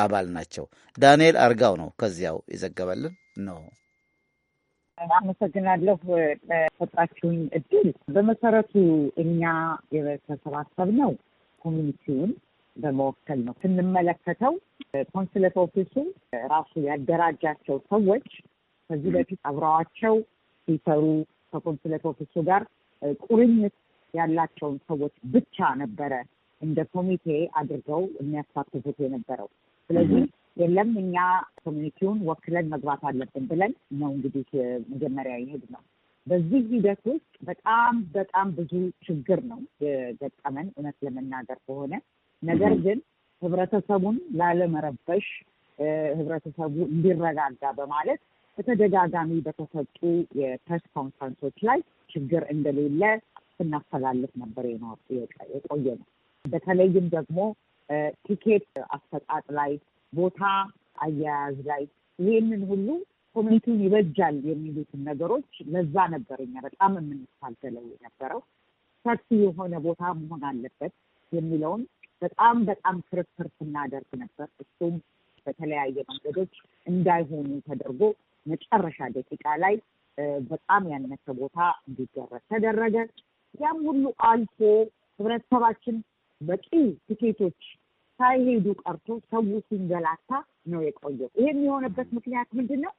አባል ናቸው። ዳንኤል አርጋው ነው ከዚያው የዘገበልን ነው። አመሰግናለሁ ለሰጣችሁኝ እድል። በመሰረቱ እኛ ነው? ኮሚኒቲውን በመወከል ነው። ስንመለከተው ኮንስለት ኦፊሱ ራሱ ያደራጃቸው ሰዎች ከዚህ በፊት አብረዋቸው ሲሰሩ ከኮንስለት ኦፊሱ ጋር ቁርኝት ያላቸውን ሰዎች ብቻ ነበረ እንደ ኮሚቴ አድርገው የሚያሳትፉት የነበረው። ስለዚህ የለም እኛ ኮሚኒቲውን ወክለን መግባት አለብን ብለን ነው እንግዲህ መጀመሪያ ይሄድ ነው። በዚህ ሂደት ውስጥ በጣም በጣም ብዙ ችግር ነው የገጠመን እውነት ለመናገር ከሆነ ነገር ግን ህብረተሰቡን ላለመረበሽ ህብረተሰቡ እንዲረጋጋ በማለት በተደጋጋሚ በተሰጡ የፕሬስ ኮንፈረንሶች ላይ ችግር እንደሌለ ስናስተላልፍ ነበር የቆየ ነው። በተለይም ደግሞ ቲኬት አሰጣጥ ላይ፣ ቦታ አያያዝ ላይ ይህንን ሁሉ ኮሚኒቲ ይበጃል የሚሉትን ነገሮች ለዛ ነበር እኛ በጣም የምንታገለው የነበረው። ሰፊ የሆነ ቦታ መሆን አለበት የሚለውን በጣም በጣም ክርክር ስናደርግ ነበር። እሱም በተለያየ መንገዶች እንዳይሆኑ ተደርጎ መጨረሻ ደቂቃ ላይ በጣም ያነሰ ቦታ እንዲደረግ ተደረገ። ያም ሁሉ አልፎ ህብረተሰባችን በቂ ትኬቶች ሳይሄዱ ቀርቶ ሰው ሲንገላታ ነው የቆየው። ይሄ የሆነበት ምክንያት ምንድን ነው?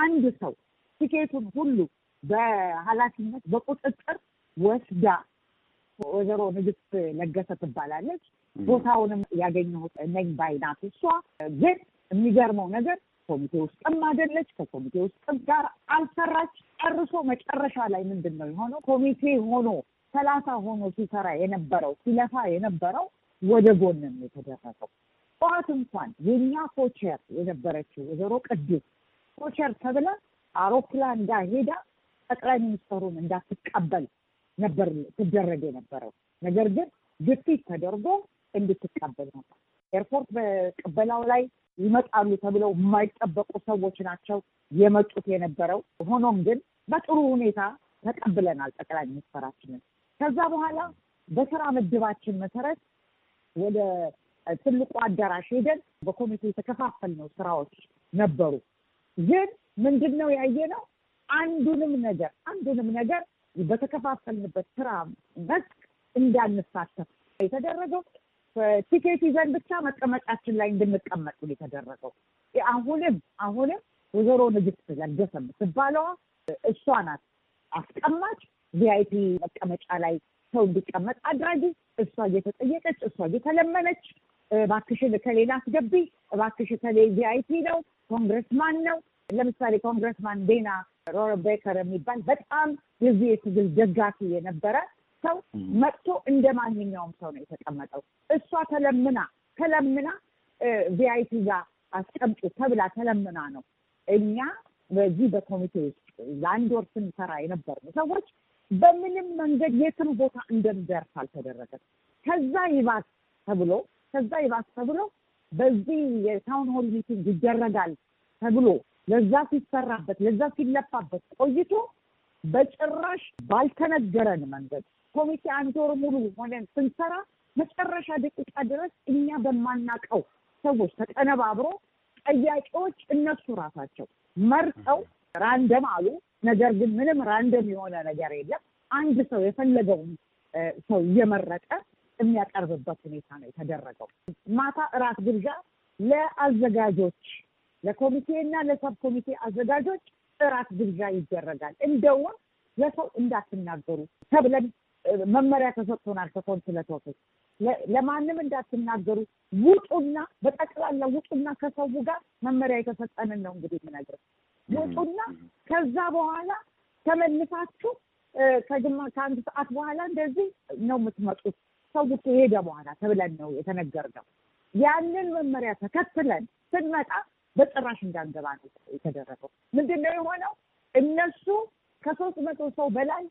አንድ ሰው ትኬቱን ሁሉ በኃላፊነት በቁጥጥር ወስዳ ወይዘሮ ንግስት ለገሰ ትባላለች። ቦታውንም ያገኘሁት ነኝ ባይናት። እሷ ግን የሚገርመው ነገር ኮሚቴ ውስጥም አይደለች፣ ከኮሚቴ ውስጥም ጋር አልሰራች። ጨርሶ መጨረሻ ላይ ምንድን ነው የሆነው? ኮሚቴ ሆኖ ሰላሳ ሆኖ ሲሰራ የነበረው ሲለፋ የነበረው ወደ ጎንም ነው የተደረገው። ጠዋት እንኳን የእኛ ኮቸር የነበረችው ወይዘሮ ቅዱስ ኮቸር ተብላ አውሮፕላን ጋር ሄዳ ጠቅላይ ሚኒስትሩን እንዳትቀበል ነበር ትደረግ የነበረው። ነገር ግን ግፊት ተደርጎ እንድትቀበል ነበር። ኤርፖርት በቅበላው ላይ ይመጣሉ ተብለው የማይጠበቁ ሰዎች ናቸው የመጡት የነበረው። ሆኖም ግን በጥሩ ሁኔታ ተቀብለናል ጠቅላይ ሚኒስትራችንን። ከዛ በኋላ በስራ ምድባችን መሰረት ወደ ትልቁ አዳራሽ ሄደን በኮሚቴ የተከፋፈልነው ስራዎች ነበሩ። ግን ምንድን ነው ያየ ነው አንዱንም ነገር አንዱንም ነገር በተከፋፈልንበት ስራ መስክ እንዳንሳተፍ የተደረገው ቲኬት ይዘን ብቻ መቀመጫችን ላይ እንድንቀመጡ የተደረገው። አሁንም አሁንም ወይዘሮ ንግስት ለገሰ የምትባለዋ እሷ ናት አስቀማጭ፣ ቪአይፒ መቀመጫ ላይ ሰው እንዲቀመጥ አድራጊ። እሷ እየተጠየቀች እሷ እየተለመነች እባክሽን ከሌላ አስገቢ፣ እባክሽ ከሌ ቪአይፒ ነው ኮንግረስማን ነው። ለምሳሌ ኮንግረስማን ዴና ሮሮ ቤከር የሚባል በጣም የዚህ የትግል ደጋፊ የነበረ ሰው መጥቶ እንደ ማንኛውም ሰው ነው የተቀመጠው። እሷ ተለምና ተለምና ቪአይፒ ጋር አስቀምጡ ተብላ ተለምና ነው። እኛ በዚህ በኮሚቴ ውስጥ ለአንድ ወር ስንሰራ የነበርን ሰዎች በምንም መንገድ የትም ቦታ እንደሚደርስ አልተደረገም። ከዛ ይባስ ተብሎ ከዛ ይባስ ተብሎ በዚህ የታውን ሆል ሚቲንግ ይደረጋል ተብሎ ለዛ ሲሰራበት ለዛ ሲለፋበት ቆይቶ በጭራሽ ባልተነገረን መንገድ ኮሚቴ አንድ ወር ሙሉ ሆነን ስንሰራ መጨረሻ ደቂቃ ድረስ እኛ በማናቀው ሰዎች ተቀነባብሮ ጠያቂዎች እነሱ ራሳቸው መርጠው ራንደም አሉ። ነገር ግን ምንም ራንደም የሆነ ነገር የለም። አንድ ሰው የፈለገውን ሰው እየመረጠ የሚያቀርብበት ሁኔታ ነው የተደረገው። ማታ እራት ግብዣ ለአዘጋጆች ለኮሚቴ እና ለሰብ ኮሚቴ አዘጋጆች እራት ግብዣ ይደረጋል። እንደውም ለሰው እንዳትናገሩ ተብለን መመሪያ ተሰጥቶናል። ከኮንስለት ኦፊስ ለማንም እንዳትናገሩ ውጡና፣ በጠቅላላ ውጡና ከሰው ጋር መመሪያ የተሰጠንን ነው እንግዲህ የምነግርህ። ውጡና ከዛ በኋላ ተመልሳችሁ ከግማ ከአንድ ሰዓት በኋላ እንደዚህ ነው የምትመጡት ሰው ከሄደ በኋላ ተብለን ነው የተነገርነው። ያንን መመሪያ ተከትለን ስንመጣ በጭራሽ እንዳንገባ ነው የተደረገው። ምንድን ነው የሆነው? እነሱ ከሶስት መቶ ሰው በላይ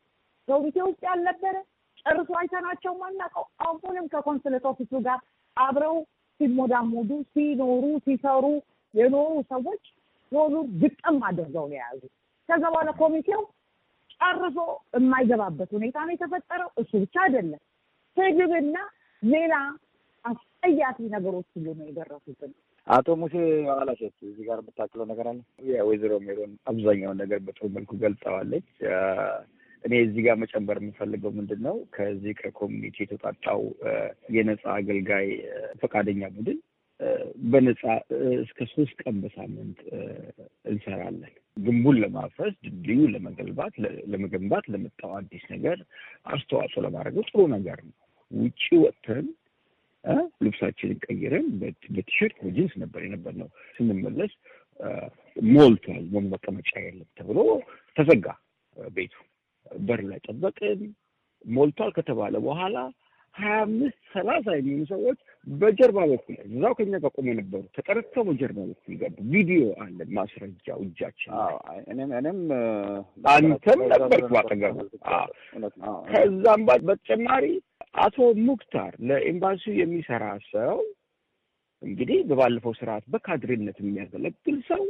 ከኮሚቴ ውስጥ ያልነበረ ጨርሶ አይተናቸው ማናውቀው አሁንም ከኮንስለት ኦፊሱ ጋር አብረው ሲሞዳሞዱ ሲኖሩ ሲሰሩ የኖሩ ሰዎች ሆኑ ግጥም አድርገው ነው የያዙ። ከዛ በኋላ ኮሚቴው ጨርሶ የማይገባበት ሁኔታ ነው የተፈጠረው። እሱ ብቻ አይደለም ስድብና ሌላ አስጠያፊ ነገሮች ሁሉ ነው የደረሱብን። አቶ ሙሴ አላሸት እዚህ ጋር የምታክለው ነገር አለ። የወይዘሮ ሜሮን አብዛኛውን ነገር በጥሩ መልኩ ገልጸዋለች። እኔ እዚህ ጋር መጨመር የምፈልገው ምንድን ነው ከዚህ ከኮሚኒቲ የተጣጣው የነፃ አገልጋይ ፈቃደኛ ቡድን በነፃ እስከ ሶስት ቀን በሳምንት እንሰራለን ግንቡን ለማፍረስ ድድዩ ለመገልባት ለመገንባት ለመጣው አዲስ ነገር አስተዋጽኦ ለማድረገው ጥሩ ነገር ነው። ውጭ ወጥተን ልብሳችንን ቀይረን በቲሸርት በጂንስ ነበር የነበር ነው። ስንመለስ ሞልቷል፣ መቀመጫ የለም ተብሎ ተዘጋ ቤቱ። በር ላይ ጠበቅን። ሞልቷል ከተባለ በኋላ ሀያ አምስት ሰላሳ የሚሆኑ ሰዎች በጀርባ በኩል እዛው ከኛ ጋር ቆመው ነበሩ። ተጠረተው በጀርባ በኩል ገቡ። ቪዲዮ አለ፣ ማስረጃ እጃችን። እኔም አንተም ነበርክ ባጠገቡ። ከዛም በተጨማሪ አቶ ሙክታር ለኤምባሲው የሚሰራ ሰው እንግዲህ በባለፈው ስርዓት በካድሬነት የሚያገለግል ሰው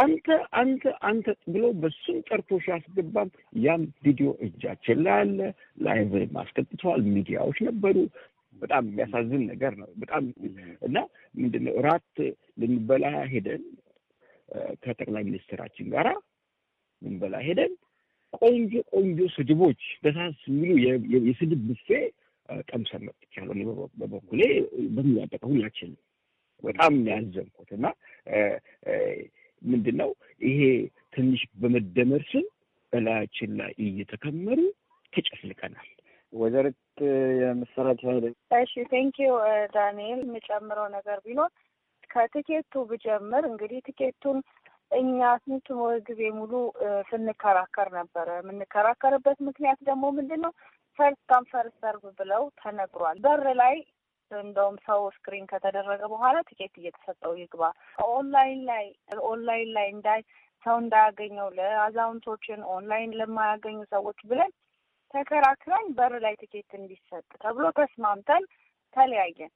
አንተ አንተ አንተ ብሎ በሱም ጠርቶሽ ያስገባም። ያም ቪዲዮ እጃችን ላይ አለ። ላይቭ ማስቀጥተዋል። ሚዲያዎች ነበሩ። በጣም የሚያሳዝን ነገር ነው። በጣም እና ምንድነው እራት ልንበላ ሄደን ከጠቅላይ ሚኒስትራችን ጋራ ልንበላ ሄደን ቆንጆ ቆንጆ ስድቦች በሳስ የሚሉ የስድብ ብፌ ቀምሰን መጥቻለሁ። በበኩሌ በሚያጠቀ ሁላችን በጣም ያዘንኩት እና ምንድን ነው ይሄ ትንሽ በመደመር ስም እላያችን ላይ እየተከመሩ ተጨፍልቀናል። ወይዘሪት የምስራች ኃይሌ እሺ፣ ቴንኪው uh, ዳንኤል። የምጨምረው ነገር ቢኖር ከትኬቱ ብጀምር እንግዲህ ትኬቱን እኛ ስንት ጊዜ ሙሉ uh, ስንከራከር ነበረ። የምንከራከርበት ምክንያት ደግሞ ምንድን ነው? ፈርስት ካም ፈርስት ሰርቭ ብለው ተነግሯል። በር ላይ እንደውም ሰው ስክሪን ከተደረገ በኋላ ቲኬት እየተሰጠው ይግባ። ኦንላይን ላይ ኦንላይን ላይ እንዳይ ሰው እንዳያገኘው ለአዛውንቶችን ኦንላይን ለማያገኙ ሰዎች ብለን ተከራክረን በር ላይ ቲኬት እንዲሰጥ ተብሎ ተስማምተን ተለያየን።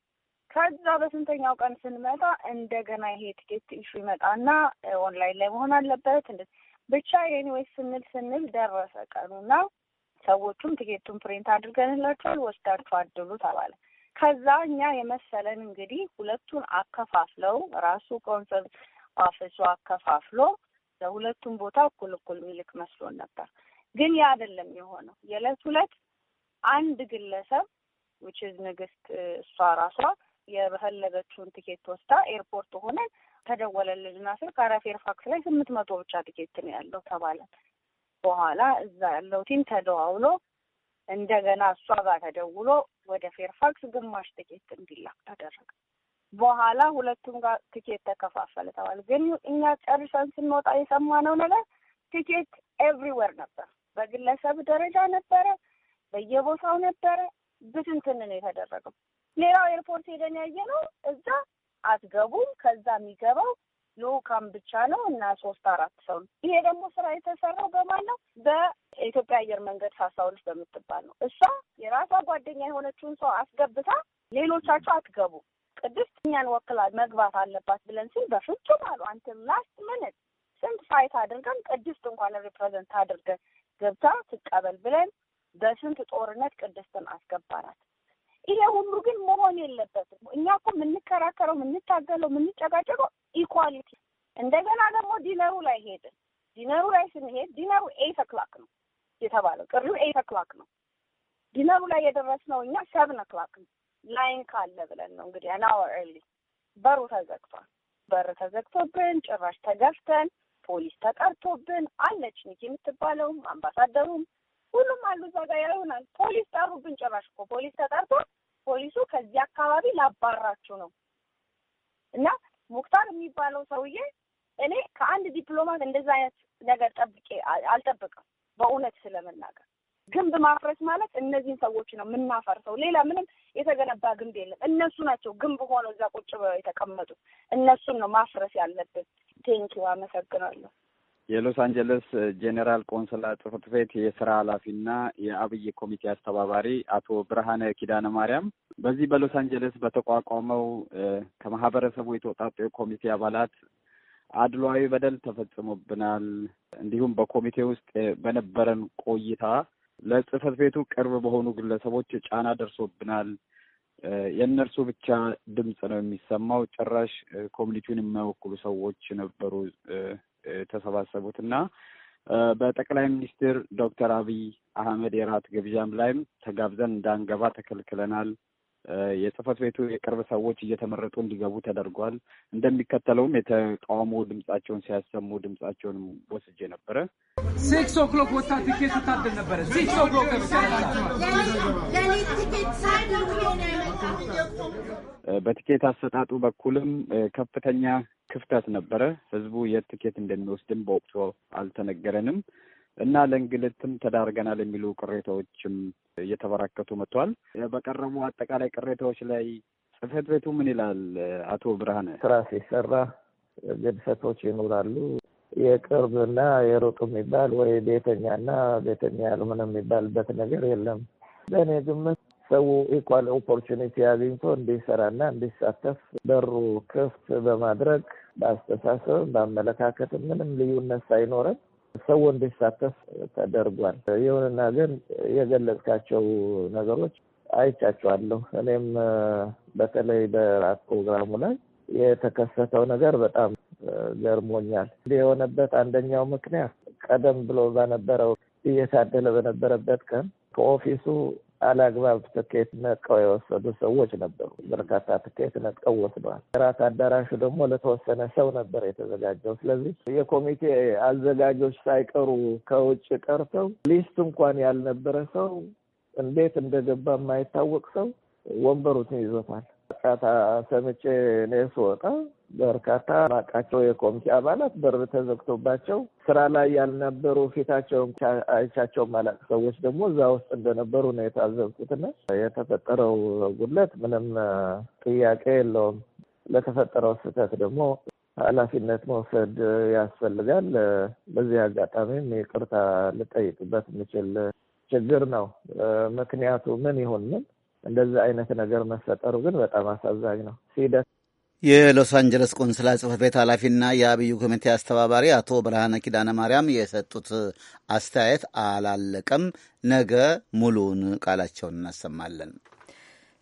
ከዛ በስንተኛው ቀን ስንመጣ እንደገና ይሄ ቲኬት ኢሹ ይመጣና ኦንላይን ላይ መሆን አለበት እንደ ብቻ የኒዌይ ስንል ስንል ደረሰ ቀኑና ሰዎቹም ቲኬቱን ፕሪንት አድርገንላቸዋል ወስዳችሁ አድሉ ተባለ። ከዛ እኛ የመሰለን እንግዲህ ሁለቱን አከፋፍለው ራሱ ኮንሰርት ኦፊሱ አከፋፍሎ ለሁለቱም ቦታ እኩል እኩል ሚልክ መስሎን ነበር። ግን ያ አይደለም የሆነው። የዕለት ሁለት አንድ ግለሰብ ዊች ኢዝ ንግስት እሷ ራሷ የፈለገችውን ቲኬት ወስዳ ኤርፖርት ሆነን ተደወለልንና ስልክ ኧረ ፌርፋክስ ላይ ስምንት መቶ ብቻ ቲኬት ነው ያለው ተባለ። በኋላ እዛ ያለው ቲም ተደዋውሎ እንደገና እሷ ጋር ተደውሎ ወደ ፌርፋክስ ግማሽ ትኬት እንዲላክ ተደረገ። በኋላ ሁለቱም ጋር ትኬት ተከፋፈለ ተባለ። ግን እኛ ጨርሰን ስንወጣ የሰማነው ነገር ትኬት ኤቭሪዌር ነበር። በግለሰብ ደረጃ ነበረ፣ በየቦታው ነበረ። ብትንትን ነው የተደረገው። ሌላው ኤርፖርት ሄደን ያየ ነው እዛ አትገቡም፣ ከዛ የሚገባው ልኡካን ብቻ ነው እና ሶስት አራት ሰው ነው። ይሄ ደግሞ ስራ የተሰራው በማን ነው? በኢትዮጵያ አየር መንገድ ሳሳውልፍ በምትባል ነው። እሷ የራሷ ጓደኛ የሆነችውን ሰው አስገብታ ሌሎቻቸው አትገቡ ቅድስት እኛን ወክላ መግባት አለባት ብለን ሲል በፍጹም አሉ። አንተም ላስት ምንት ስንት ፋይት አድርገን ቅድስት እንኳን ሪፕሬዘንት አድርገን ገብታ ትቀበል ብለን በስንት ጦርነት ቅድስትን አስገባናት። ይሄ ሁሉ ግን መሆን የለበትም። እኛ እኮ የምንከራከረው፣ የምንታገለው፣ የምንጨጋጨቀው ኢኳሊቲ። እንደገና ደግሞ ዲነሩ ላይ ሄድን። ዲነሩ ላይ ስንሄድ ዲነሩ ኤት ኦክላክ ነው የተባለው፣ ጥሪው ኤት ኦክላክ ነው። ዲነሩ ላይ የደረስነው እኛ ሰብን ኦክላክ ነው፣ ላይን ካለ ብለን ነው እንግዲህ አናወር ኤርሊ። በሩ ተዘግቷል። በር ተዘግቶብን ጭራሽ ተገፍተን ፖሊስ ተጠርቶብን አለች ኒኪ የምትባለውም አምባሳደሩም ሁሉም አሉ እዛ ጋር ይሆናል። ፖሊስ ጠሩብን። ጭራሽ እኮ ፖሊስ ተጠርቶ ፖሊሱ ከዚህ አካባቢ ላባራችሁ ነው እና ሙክታር የሚባለው ሰውዬ እኔ ከአንድ ዲፕሎማት እንደዛ አይነት ነገር ጠብቄ አልጠብቅም። በእውነት ስለመናገር ግንብ ማፍረስ ማለት እነዚህን ሰዎች ነው የምናፈርሰው። ሌላ ምንም የተገነባ ግንብ የለም። እነሱ ናቸው ግንብ ሆነው እዛ ቁጭ ብለው የተቀመጡት። እነሱን ነው ማፍረስ ያለብን። ቴንኪው፣ አመሰግናለሁ። የሎስ አንጀለስ ጄኔራል ቆንስላ ጽሕፈት ቤት የስራ ኃላፊና የአብይ ኮሚቴ አስተባባሪ አቶ ብርሃነ ኪዳነ ማርያም በዚህ በሎስ አንጀለስ በተቋቋመው ከማህበረሰቡ የተውጣጡ የኮሚቴ አባላት አድሏዊ በደል ተፈጽሞብናል፣ እንዲሁም በኮሚቴ ውስጥ በነበረን ቆይታ ለጽፈት ቤቱ ቅርብ በሆኑ ግለሰቦች ጫና ደርሶብናል፣ የእነርሱ ብቻ ድምፅ ነው የሚሰማው፣ ጭራሽ ኮሚኒቲውን የማይወክሉ ሰዎች ነበሩ ተሰባሰቡትና በጠቅላይ ሚኒስትር ዶክተር አብይ አህመድ የራት ግብዣም ላይም ተጋብዘን እንዳንገባ ተከልክለናል። የጽህፈት ቤቱ የቅርብ ሰዎች እየተመረጡ እንዲገቡ ተደርጓል። እንደሚከተለውም የተቃውሞ ድምጻቸውን ሲያሰሙ ድምጻቸውን ወስጄ ነበረ። ሲክስ ኦክሎክ ወታ ቲኬት ስታደል ነበረ። ሲክስ ኦክሎክ በቲኬት አሰጣጡ በኩልም ከፍተኛ ክፍተት ነበረ። ህዝቡ የት ትኬት እንደሚወስድም በወቅቱ አልተነገረንም። እና ለእንግልትም ተዳርገናል የሚሉ ቅሬታዎችም እየተበራከቱ መጥተዋል። በቀረቡ አጠቃላይ ቅሬታዎች ላይ ጽህፈት ቤቱ ምን ይላል? አቶ ብርሃነ ስራ ሲሰራ ግድፈቶች ይኖራሉ። የቅርብና የሩቅ የሚባል ወይ ቤተኛና ቤተኛ ያልሆነ የሚባልበት ነገር የለም። በእኔ ግምት ሰው ኢኳል ኦፖርቹኒቲ አግኝቶ እንዲሰራና እንዲሳተፍ በሩ ክፍት በማድረግ በአስተሳሰብ፣ በአመለካከት ምንም ልዩነት ሳይኖረን ሰው እንዲሳተፍ ተደርጓል። ይሁንና ግን የገለጽካቸው ነገሮች አይቻቸዋለሁ። እኔም በተለይ በራት ፕሮግራሙ ላይ የተከሰተው ነገር በጣም ገርሞኛል። የሆነበት አንደኛው ምክንያት ቀደም ብሎ በነበረው እየታደለ በነበረበት ቀን ከኦፊሱ አላግባብ ትኬት ነቀው የወሰዱ ሰዎች ነበሩ። በርካታ ትኬት ነቀው ወስደዋል። ራት አዳራሹ ደግሞ ለተወሰነ ሰው ነበር የተዘጋጀው። ስለዚህ የኮሚቴ አዘጋጆች ሳይቀሩ ከውጭ ቀርተው ሊስት እንኳን ያልነበረ ሰው እንዴት እንደገባ የማይታወቅ ሰው ወንበሩትን ይዞታል። ጫታ ሰምቼ እኔ ስወጣ በርካታ ማቃቸው የኮሚቴ አባላት በር ተዘግቶባቸው ስራ ላይ ያልነበሩ ፊታቸውን አይቻቸው ማለት ሰዎች ደግሞ እዛ ውስጥ እንደነበሩ ነው የታዘብኩትና የተፈጠረው ጉድለት ምንም ጥያቄ የለውም። ለተፈጠረው ስህተት ደግሞ ኃላፊነት መውሰድ ያስፈልጋል። በዚህ አጋጣሚም ይቅርታ ልጠይቅበት የምችል ችግር ነው። ምክንያቱ ምን ይሁን ምን እንደዚህ አይነት ነገር መፈጠሩ ግን በጣም አሳዛኝ ነው ሲደት የሎስ አንጀለስ ቆንስላ ጽህፈት ቤት ኃላፊና የአብዩ ኮሚቴ አስተባባሪ አቶ ብርሃነ ኪዳነ ማርያም የሰጡት አስተያየት አላለቀም። ነገ ሙሉውን ቃላቸውን እናሰማለን።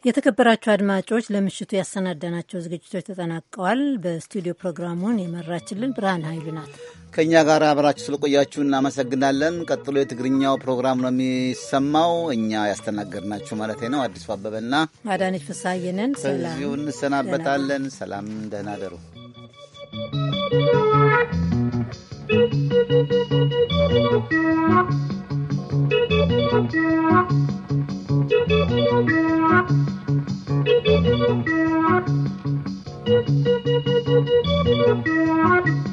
የተከበራችሁ አድማጮች ለምሽቱ ያሰናዳናቸው ዝግጅቶች ተጠናቀዋል። በስቱዲዮ ፕሮግራሙን የመራችልን ብርሃን ኃይሉ ናት። ከእኛ ጋር አብራችሁ ስለቆያችሁ እናመሰግናለን። ቀጥሎ የትግርኛው ፕሮግራም ነው የሚሰማው። እኛ ያስተናገድናችሁ ማለት ነው አዲሱ አበበና አዳነች ፍስሐየንን። ከዚሁ እንሰናበታለን። ሰላም፣ ደህና ደሩ። Thank you. Thank you.